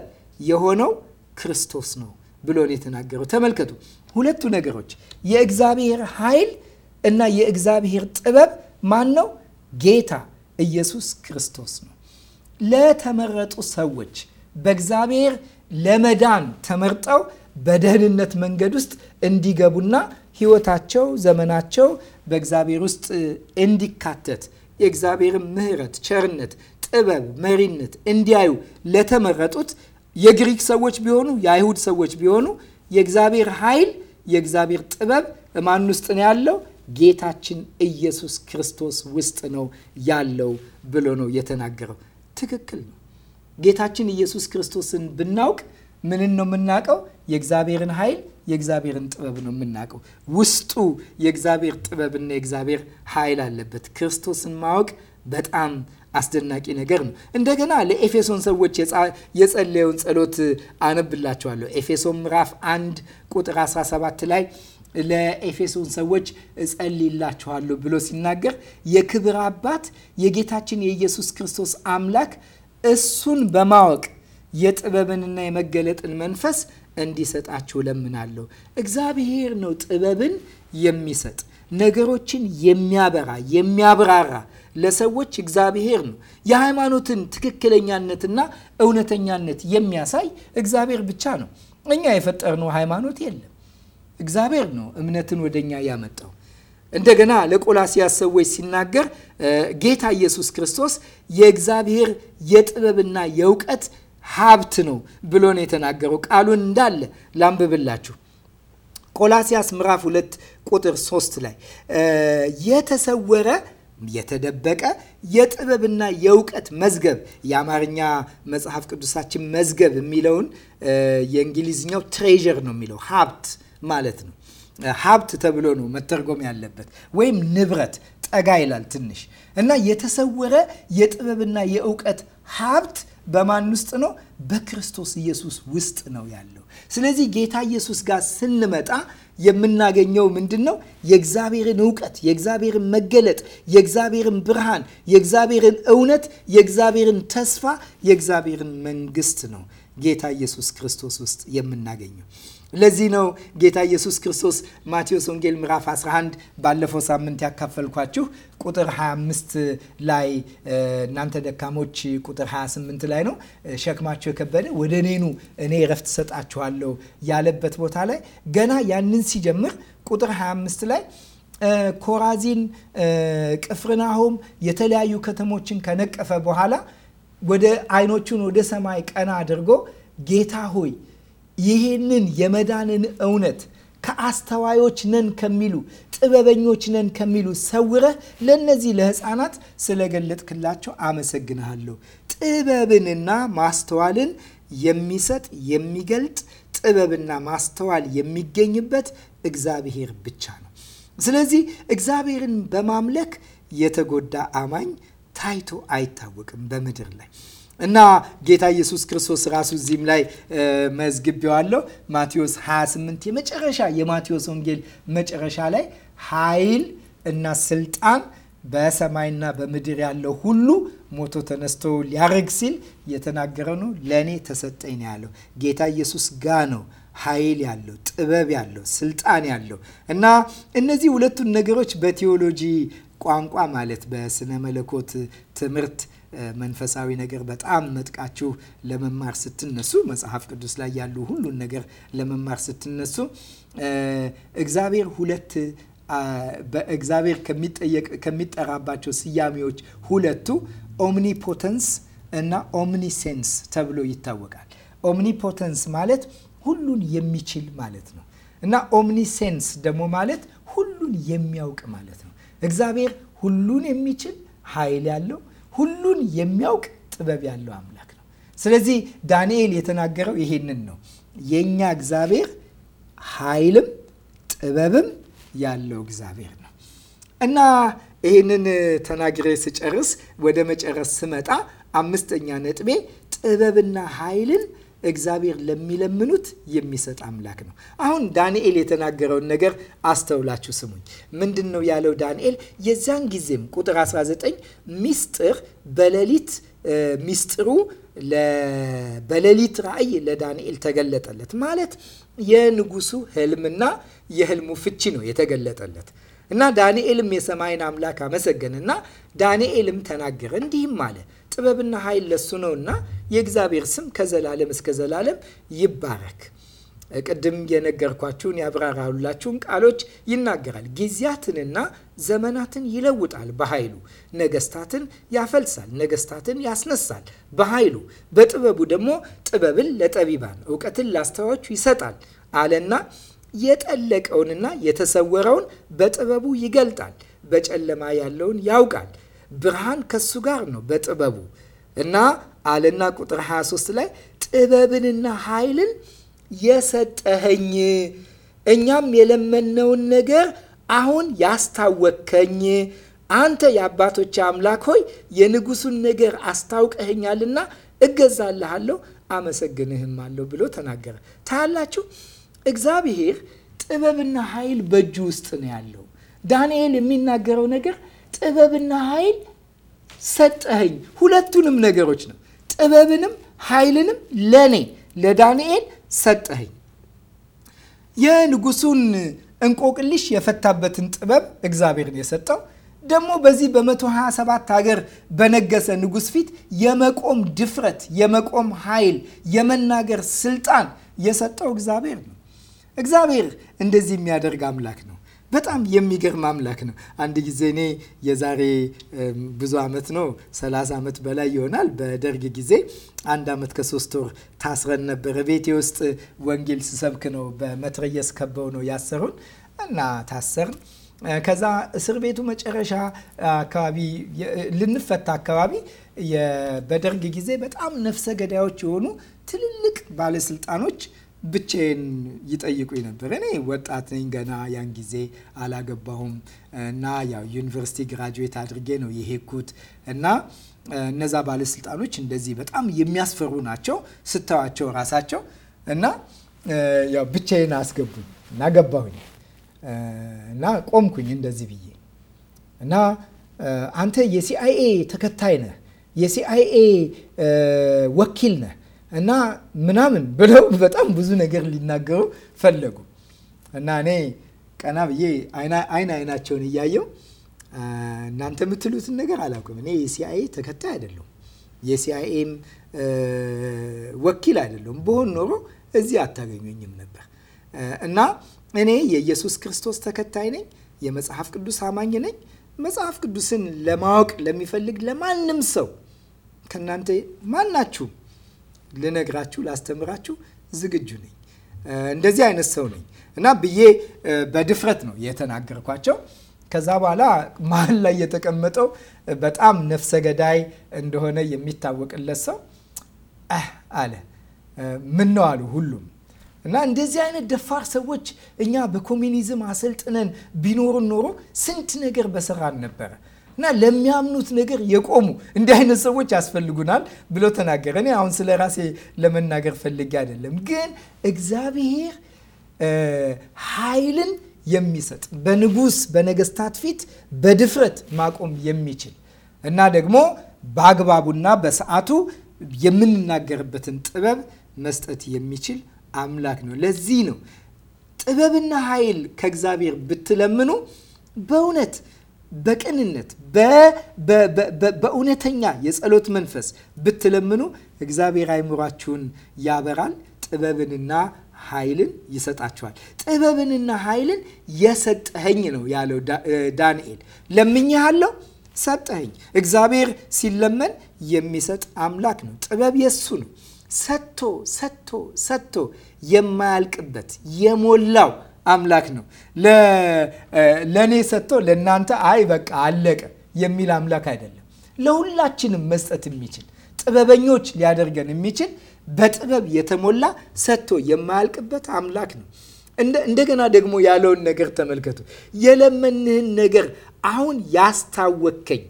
የሆነው ክርስቶስ ነው ብሎ ነው የተናገረው። ተመልከቱ፣ ሁለቱ ነገሮች የእግዚአብሔር ኃይል እና የእግዚአብሔር ጥበብ ማን ነው? ጌታ ኢየሱስ ክርስቶስ ነው። ለተመረጡ ሰዎች በእግዚአብሔር ለመዳን ተመርጠው በደህንነት መንገድ ውስጥ እንዲገቡና ህይወታቸው፣ ዘመናቸው በእግዚአብሔር ውስጥ እንዲካተት የእግዚአብሔርን ምህረት ቸርነት፣ ጥበብ፣ መሪነት እንዲያዩ ለተመረጡት የግሪክ ሰዎች ቢሆኑ የአይሁድ ሰዎች ቢሆኑ የእግዚአብሔር ኃይል የእግዚአብሔር ጥበብ ማን ውስጥ ነው ያለው? ጌታችን ኢየሱስ ክርስቶስ ውስጥ ነው ያለው ብሎ ነው የተናገረው። ትክክል ነው። ጌታችን ኢየሱስ ክርስቶስን ብናውቅ ምንን ነው የምናውቀው? የእግዚአብሔርን ኃይል የእግዚአብሔርን ጥበብ ነው የምናውቀው። ውስጡ የእግዚአብሔር ጥበብና የእግዚአብሔር ኃይል አለበት። ክርስቶስን ማወቅ በጣም አስደናቂ ነገር ነው። እንደገና ለኤፌሶን ሰዎች የጸለየውን ጸሎት አነብላችኋለሁ። ኤፌሶን ምዕራፍ 1 ቁጥር 17 ላይ ለኤፌሶን ሰዎች እጸልይላችኋለሁ ብሎ ሲናገር የክብር አባት የጌታችን የኢየሱስ ክርስቶስ አምላክ እሱን በማወቅ የጥበብንና የመገለጥን መንፈስ እንዲሰጣችሁ ለምናለሁ። እግዚአብሔር ነው ጥበብን የሚሰጥ ነገሮችን የሚያበራ የሚያብራራ ለሰዎች እግዚአብሔር ነው። የሃይማኖትን ትክክለኛነትና እውነተኛነት የሚያሳይ እግዚአብሔር ብቻ ነው። እኛ የፈጠርነው ሃይማኖት የለም። እግዚአብሔር ነው እምነትን ወደኛ ያመጣው። እንደገና ለቆላሲያስ ሰዎች ሲናገር ጌታ ኢየሱስ ክርስቶስ የእግዚአብሔር የጥበብና የእውቀት ሀብት ነው ብሎ ነው የተናገረው። ቃሉን እንዳለ ላንብብላችሁ። ቆላሲያስ ምዕራፍ ሁለት ቁጥር ሶስት ላይ የተሰወረ የተደበቀ የጥበብና የእውቀት መዝገብ የአማርኛ መጽሐፍ ቅዱሳችን መዝገብ የሚለውን የእንግሊዝኛው ትሬዥር ነው የሚለው ሀብት ማለት ነው። ሀብት ተብሎ ነው መተርጎም ያለበት ወይም ንብረት ጠጋ ይላል ትንሽ እና የተሰወረ የጥበብና የእውቀት ሀብት በማን ውስጥ ነው? በክርስቶስ ኢየሱስ ውስጥ ነው ያለው። ስለዚህ ጌታ ኢየሱስ ጋር ስንመጣ የምናገኘው ምንድን ነው? የእግዚአብሔርን እውቀት፣ የእግዚአብሔርን መገለጥ፣ የእግዚአብሔርን ብርሃን፣ የእግዚአብሔርን እውነት፣ የእግዚአብሔርን ተስፋ፣ የእግዚአብሔርን መንግስት ነው ጌታ ኢየሱስ ክርስቶስ ውስጥ የምናገኘው። ለዚህ ነው ጌታ ኢየሱስ ክርስቶስ ማቴዎስ ወንጌል ምዕራፍ 11 ባለፈው ሳምንት ያካፈልኳችሁ ቁጥር 25 ላይ እናንተ ደካሞች ቁጥር 28 ላይ ነው ሸክማቸው የከበደ ወደ እኔኑ እኔ እረፍት ሰጣችኋለሁ ያለበት ቦታ ላይ ገና ያንን ሲጀምር ቁጥር 25 ላይ ኮራዚን፣ ቅፍርናሆም የተለያዩ ከተሞችን ከነቀፈ በኋላ ወደ አይኖቹን ወደ ሰማይ ቀና አድርጎ ጌታ ሆይ ይህንን የመዳንን እውነት ከአስተዋዮች ነን ከሚሉ ጥበበኞች ነን ከሚሉ ሰውረህ ለእነዚህ ለሕፃናት ስለገለጥክላቸው አመሰግንሃለሁ። ጥበብንና ማስተዋልን የሚሰጥ የሚገልጥ ጥበብና ማስተዋል የሚገኝበት እግዚአብሔር ብቻ ነው። ስለዚህ እግዚአብሔርን በማምለክ የተጎዳ አማኝ ታይቶ አይታወቅም በምድር ላይ እና ጌታ ኢየሱስ ክርስቶስ ራሱ እዚህም ላይ መዝግቤዋለሁ። ማቴዎስ 28 የመጨረሻ የማቴዎስ ወንጌል መጨረሻ ላይ ኃይል እና ስልጣን በሰማይና በምድር ያለው ሁሉ ሞቶ ተነስቶ ሊያርግ ሲል የተናገረ ነው። ለእኔ ተሰጠኝ ነው ያለው። ጌታ ኢየሱስ ጋ ነው ኃይል ያለው ጥበብ ያለው ስልጣን ያለው እና እነዚህ ሁለቱን ነገሮች በቴዎሎጂ ቋንቋ ማለት በስነ መለኮት ትምህርት መንፈሳዊ ነገር በጣም መጥቃችሁ ለመማር ስትነሱ መጽሐፍ ቅዱስ ላይ ያሉ ሁሉን ነገር ለመማር ስትነሱ እግዚአብሔር ሁለት በእግዚአብሔር ከሚጠራባቸው ስያሜዎች ሁለቱ ኦምኒፖተንስ እና ኦምኒሴንስ ተብሎ ይታወቃል። ኦምኒፖተንስ ማለት ሁሉን የሚችል ማለት ነው እና ኦምኒሴንስ ደግሞ ማለት ሁሉን የሚያውቅ ማለት ነው። እግዚአብሔር ሁሉን የሚችል ኃይል ያለው ሁሉን የሚያውቅ ጥበብ ያለው አምላክ ነው። ስለዚህ ዳንኤል የተናገረው ይሄንን ነው። የእኛ እግዚአብሔር ኃይልም ጥበብም ያለው እግዚአብሔር ነው እና ይህንን ተናግሬ ስጨርስ ወደ መጨረስ ስመጣ አምስተኛ ነጥቤ ጥበብና ኃይልን እግዚአብሔር ለሚለምኑት የሚሰጥ አምላክ ነው። አሁን ዳንኤል የተናገረውን ነገር አስተውላችሁ ስሙኝ። ምንድን ነው ያለው ዳንኤል? የዚያን ጊዜም ቁጥር 19 ሚስጥር በሌሊት ሚስጥሩ በሌሊት ራእይ ለዳንኤል ተገለጠለት። ማለት የንጉሱ ህልምና የህልሙ ፍቺ ነው የተገለጠለት እና ዳንኤልም የሰማይን አምላክ አመሰገነና ዳንኤልም ተናገረ እንዲህም አለ ጥበብና ኃይል ለሱ ነውና የእግዚአብሔር ስም ከዘላለም እስከ ዘላለም ይባረክ። ቅድም የነገርኳችሁን ያብራራሁላችሁን ቃሎች ይናገራል። ጊዜያትንና ዘመናትን ይለውጣል በኃይሉ ነገስታትን ያፈልሳል፣ ነገስታትን ያስነሳል በኃይሉ በጥበቡ ደግሞ ጥበብን ለጠቢባን እውቀትን ላስተዋዮች ይሰጣል አለና የጠለቀውንና የተሰወረውን በጥበቡ ይገልጣል፣ በጨለማ ያለውን ያውቃል ብርሃን ከሱ ጋር ነው በጥበቡ እና አለና ቁጥር 23 ላይ ጥበብንና ኃይልን የሰጠኸኝ እኛም የለመነውን ነገር አሁን ያስታወከኝ አንተ የአባቶች አምላክ ሆይ የንጉሱን ነገር አስታውቀኸኛልና እገዛልሃለሁ አመሰግንህም አለሁ ብሎ ተናገረ። ታያላችሁ፣ እግዚአብሔር ጥበብና ኃይል በእጁ ውስጥ ነው ያለው። ዳንኤል የሚናገረው ነገር ጥበብና ኃይል ሰጠኸኝ። ሁለቱንም ነገሮች ነው። ጥበብንም ኃይልንም ለኔ ለዳንኤል ሰጠኸኝ። የንጉሱን እንቆቅልሽ የፈታበትን ጥበብ እግዚአብሔርን የሰጠው። ደግሞ በዚህ በ127 ሀገር በነገሰ ንጉሥ ፊት የመቆም ድፍረት፣ የመቆም ኃይል፣ የመናገር ስልጣን የሰጠው እግዚአብሔር ነው። እግዚአብሔር እንደዚህ የሚያደርግ አምላክ ነው። በጣም የሚገርም አምላክ ነው። አንድ ጊዜ እኔ የዛሬ ብዙ ዓመት ነው 30 ዓመት በላይ ይሆናል። በደርግ ጊዜ አንድ ዓመት ከሶስት ወር ታስረን ነበረ። ቤቴ ውስጥ ወንጌል ስሰብክ ነው በመትረየስ ከበው ነው ያሰሩን እና ታሰርን። ከዛ እስር ቤቱ መጨረሻ አካባቢ ልንፈታ አካባቢ በደርግ ጊዜ በጣም ነፍሰ ገዳዮች የሆኑ ትልልቅ ባለስልጣኖች ብቻዬን ይጠይቁኝ ነበር። እኔ ወጣት ነኝ ገና ያን ጊዜ አላገባሁም እና ያው ዩኒቨርሲቲ ግራጁዌት አድርጌ ነው የሄድኩት እና እነዛ ባለስልጣኖች እንደዚህ በጣም የሚያስፈሩ ናቸው ስታዋቸው ራሳቸው እና ያው ብቻዬን አስገቡኝ እና ገባሁኝ እና ቆምኩኝ እንደዚህ ብዬ እና አንተ የሲአይኤ ተከታይ ነህ፣ የሲአይኤ ወኪል ነህ እና ምናምን ብለው በጣም ብዙ ነገር ሊናገሩ ፈለጉ እና እኔ ቀና ብዬ አይን አይናቸውን እያየው እናንተ የምትሉትን ነገር አላውቅም። እኔ የሲአይኤ ተከታይ አይደለሁም፣ የሲአይኤም ወኪል አይደለሁም። በሆን ኖሮ እዚህ አታገኙኝም ነበር እና እኔ የኢየሱስ ክርስቶስ ተከታይ ነኝ። የመጽሐፍ ቅዱስ አማኝ ነኝ። መጽሐፍ ቅዱስን ለማወቅ ለሚፈልግ ለማንም ሰው ከእናንተ ማናችሁም ልነግራችሁ፣ ላስተምራችሁ ዝግጁ ነኝ። እንደዚህ አይነት ሰው ነኝ እና ብዬ በድፍረት ነው የተናገርኳቸው። ከዛ በኋላ መሀል ላይ የተቀመጠው በጣም ነፍሰ ገዳይ እንደሆነ የሚታወቅለት ሰው አለ። ምን ነው አሉ ሁሉም እና እንደዚህ አይነት ደፋር ሰዎች እኛ በኮሚኒዝም አሰልጥነን ቢኖሩን ኖሮ ስንት ነገር በሰራን ነበረ። እና ለሚያምኑት ነገር የቆሙ እንዲህ አይነት ሰዎች ያስፈልጉናል ብሎ ተናገረ። እኔ አሁን ስለ ራሴ ለመናገር ፈልጌ አይደለም፣ ግን እግዚአብሔር ኃይልን የሚሰጥ በንጉስ በነገስታት ፊት በድፍረት ማቆም የሚችል እና ደግሞ በአግባቡና በሰዓቱ የምንናገርበትን ጥበብ መስጠት የሚችል አምላክ ነው። ለዚህ ነው ጥበብና ኃይል ከእግዚአብሔር ብትለምኑ በእውነት በቅንነት በእውነተኛ የጸሎት መንፈስ ብትለምኑ እግዚአብሔር አይምሯችሁን ያበራል፣ ጥበብንና ኃይልን ይሰጣችኋል። ጥበብንና ኃይልን የሰጠኸኝ ነው ያለው ዳንኤል። ለምኜሃለሁ፣ ሰጠኸኝ። እግዚአብሔር ሲለመን የሚሰጥ አምላክ ነው። ጥበብ የሱ ነው። ሰጥቶ ሰጥቶ ሰጥቶ የማያልቅበት የሞላው አምላክ ነው። ለእኔ ሰጥቶ ለእናንተ አይ በቃ አለቀ የሚል አምላክ አይደለም። ለሁላችንም መስጠት የሚችል ጥበበኞች ሊያደርገን የሚችል በጥበብ የተሞላ ሰጥቶ የማያልቅበት አምላክ ነው። እንደገና ደግሞ ያለውን ነገር ተመልከቱ። የለመንህን ነገር አሁን ያስታወከኝ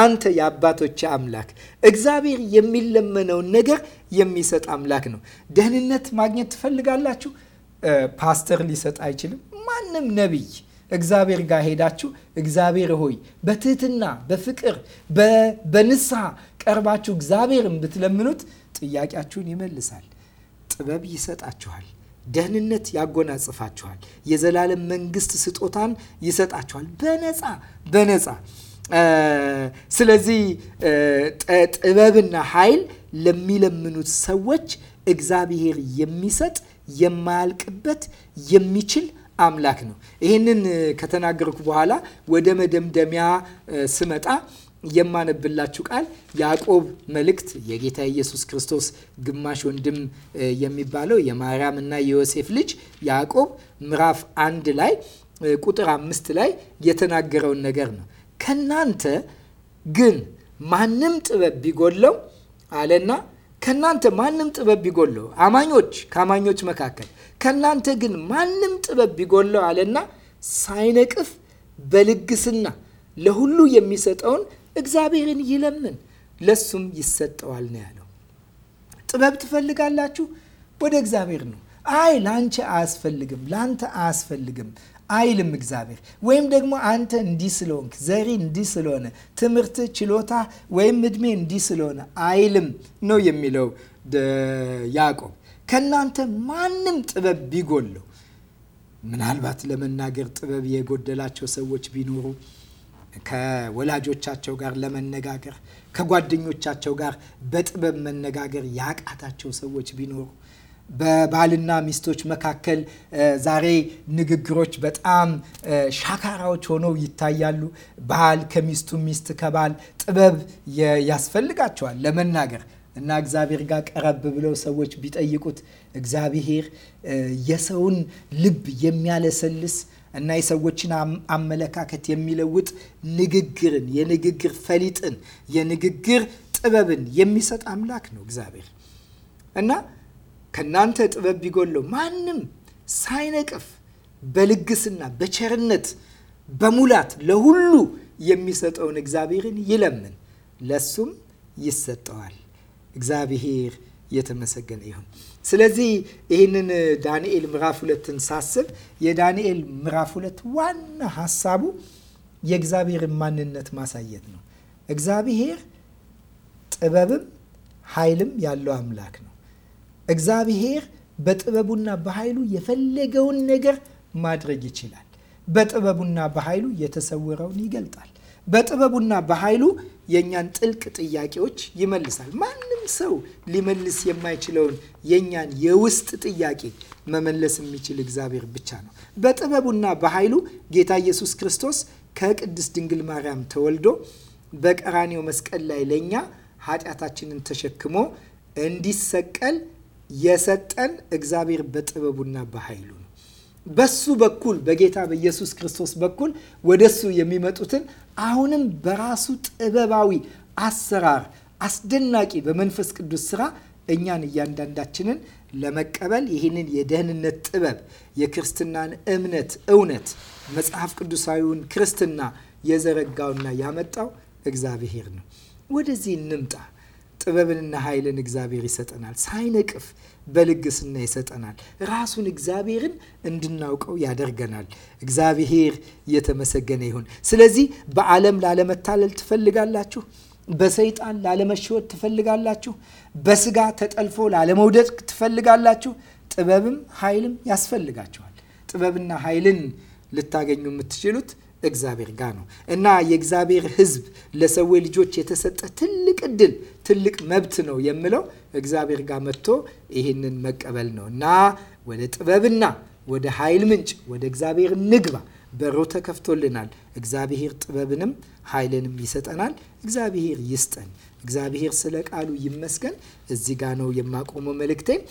አንተ የአባቶች አምላክ እግዚአብሔር የሚለመነውን ነገር የሚሰጥ አምላክ ነው። ደህንነት ማግኘት ትፈልጋላችሁ? ፓስተር ሊሰጥ አይችልም። ማንም ነቢይ እግዚአብሔር ጋር ሄዳችሁ እግዚአብሔር ሆይ በትህትና በፍቅር በንስሐ ቀርባችሁ እግዚአብሔርን ብትለምኑት ጥያቄያችሁን ይመልሳል፣ ጥበብ ይሰጣችኋል፣ ደህንነት ያጎናጽፋችኋል፣ የዘላለም መንግስት ስጦታን ይሰጣችኋል በነፃ በነፃ ስለዚህ ጥበብና ኃይል ለሚለምኑት ሰዎች እግዚአብሔር የሚሰጥ የማያልቅበት የሚችል አምላክ ነው። ይህንን ከተናገርኩ በኋላ ወደ መደምደሚያ ስመጣ የማነብላችሁ ቃል ያዕቆብ መልእክት የጌታ ኢየሱስ ክርስቶስ ግማሽ ወንድም የሚባለው የማርያም እና የዮሴፍ ልጅ ያዕቆብ ምዕራፍ አንድ ላይ ቁጥር አምስት ላይ የተናገረውን ነገር ነው። ከናንተ ግን ማንም ጥበብ ቢጎለው አለና ከእናንተ ማንም ጥበብ ቢጎለው አማኞች ከአማኞች መካከል ከእናንተ ግን ማንም ጥበብ ቢጎለው አለና ሳይነቅፍ በልግስና ለሁሉ የሚሰጠውን እግዚአብሔርን ይለምን ለሱም ይሰጠዋል ነው ያለው። ጥበብ ትፈልጋላችሁ? ወደ እግዚአብሔር ነው። አይ ላንቺ አያስፈልግም፣ ላንተ አያስፈልግም፣ አይልም እግዚአብሔር። ወይም ደግሞ አንተ እንዲህ ስለሆንክ፣ ዘሪ እንዲህ ስለሆነ፣ ትምህርት፣ ችሎታ ወይም እድሜ እንዲህ ስለሆነ አይልም ነው የሚለው ያዕቆብ። ከእናንተ ማንም ጥበብ ቢጎለው ምናልባት ለመናገር ጥበብ የጎደላቸው ሰዎች ቢኖሩ ከወላጆቻቸው ጋር ለመነጋገር ከጓደኞቻቸው ጋር በጥበብ መነጋገር ያቃታቸው ሰዎች ቢኖሩ በባልና ሚስቶች መካከል ዛሬ ንግግሮች በጣም ሻካራዎች ሆነው ይታያሉ። ባል ከሚስቱ፣ ሚስት ከባል ጥበብ ያስፈልጋቸዋል ለመናገር እና እግዚአብሔር ጋር ቀረብ ብለው ሰዎች ቢጠይቁት እግዚአብሔር የሰውን ልብ የሚያለሰልስ እና የሰዎችን አመለካከት የሚለውጥ ንግግርን፣ የንግግር ፈሊጥን፣ የንግግር ጥበብን የሚሰጥ አምላክ ነው እግዚአብሔር እና ከእናንተ ጥበብ ቢጎለው ማንም ሳይነቅፍ በልግስና በቸርነት በሙላት ለሁሉ የሚሰጠውን እግዚአብሔርን ይለምን፣ ለሱም ይሰጠዋል። እግዚአብሔር የተመሰገነ ይሁን። ስለዚህ ይህንን ዳንኤል ምዕራፍ ሁለትን ሳስብ የዳንኤል ምዕራፍ ሁለት ዋና ሀሳቡ የእግዚአብሔርን ማንነት ማሳየት ነው። እግዚአብሔር ጥበብም ኃይልም ያለው አምላክ ነው። እግዚአብሔር በጥበቡና በኃይሉ የፈለገውን ነገር ማድረግ ይችላል። በጥበቡና በኃይሉ የተሰወረውን ይገልጣል። በጥበቡና በኃይሉ የእኛን ጥልቅ ጥያቄዎች ይመልሳል። ማንም ሰው ሊመልስ የማይችለውን የእኛን የውስጥ ጥያቄ መመለስ የሚችል እግዚአብሔር ብቻ ነው። በጥበቡና በኃይሉ ጌታ ኢየሱስ ክርስቶስ ከቅድስት ድንግል ማርያም ተወልዶ በቀራኔው መስቀል ላይ ለእኛ ኃጢአታችንን ተሸክሞ እንዲሰቀል የሰጠን እግዚአብሔር በጥበቡና በኃይሉ ነው። በሱ በኩል በጌታ በኢየሱስ ክርስቶስ በኩል ወደሱ የሚመጡትን አሁንም በራሱ ጥበባዊ አሰራር አስደናቂ በመንፈስ ቅዱስ ስራ እኛን እያንዳንዳችንን ለመቀበል ይህንን የደህንነት ጥበብ የክርስትናን እምነት እውነት መጽሐፍ ቅዱሳዊውን ክርስትና የዘረጋውና ያመጣው እግዚአብሔር ነው። ወደዚህ እንምጣ። ጥበብንና ኃይልን እግዚአብሔር ይሰጠናል። ሳይነቅፍ በልግስና ይሰጠናል። ራሱን እግዚአብሔርን እንድናውቀው ያደርገናል። እግዚአብሔር የተመሰገነ ይሁን። ስለዚህ በዓለም ላለመታለል ትፈልጋላችሁ? በሰይጣን ላለመሸወት ትፈልጋላችሁ? በስጋ ተጠልፎ ላለመውደቅ ትፈልጋላችሁ? ጥበብም ኃይልም ያስፈልጋችኋል። ጥበብና ኃይልን ልታገኙ የምትችሉት እግዚአብሔር ጋር ነው እና የእግዚአብሔር ሕዝብ ለሰው ልጆች የተሰጠ ትልቅ እድል ትልቅ መብት ነው የምለው እግዚአብሔር ጋር መጥቶ ይህንን መቀበል ነው እና ወደ ጥበብና ወደ ኃይል ምንጭ ወደ እግዚአብሔር ንግባ። በሮ ተከፍቶልናል። እግዚአብሔር ጥበብንም ኃይልንም ይሰጠናል። እግዚአብሔር ይስጠን። እግዚአብሔር ስለ ቃሉ ይመስገን። እዚህ ጋ ነው የማቆመው መልእክቴን።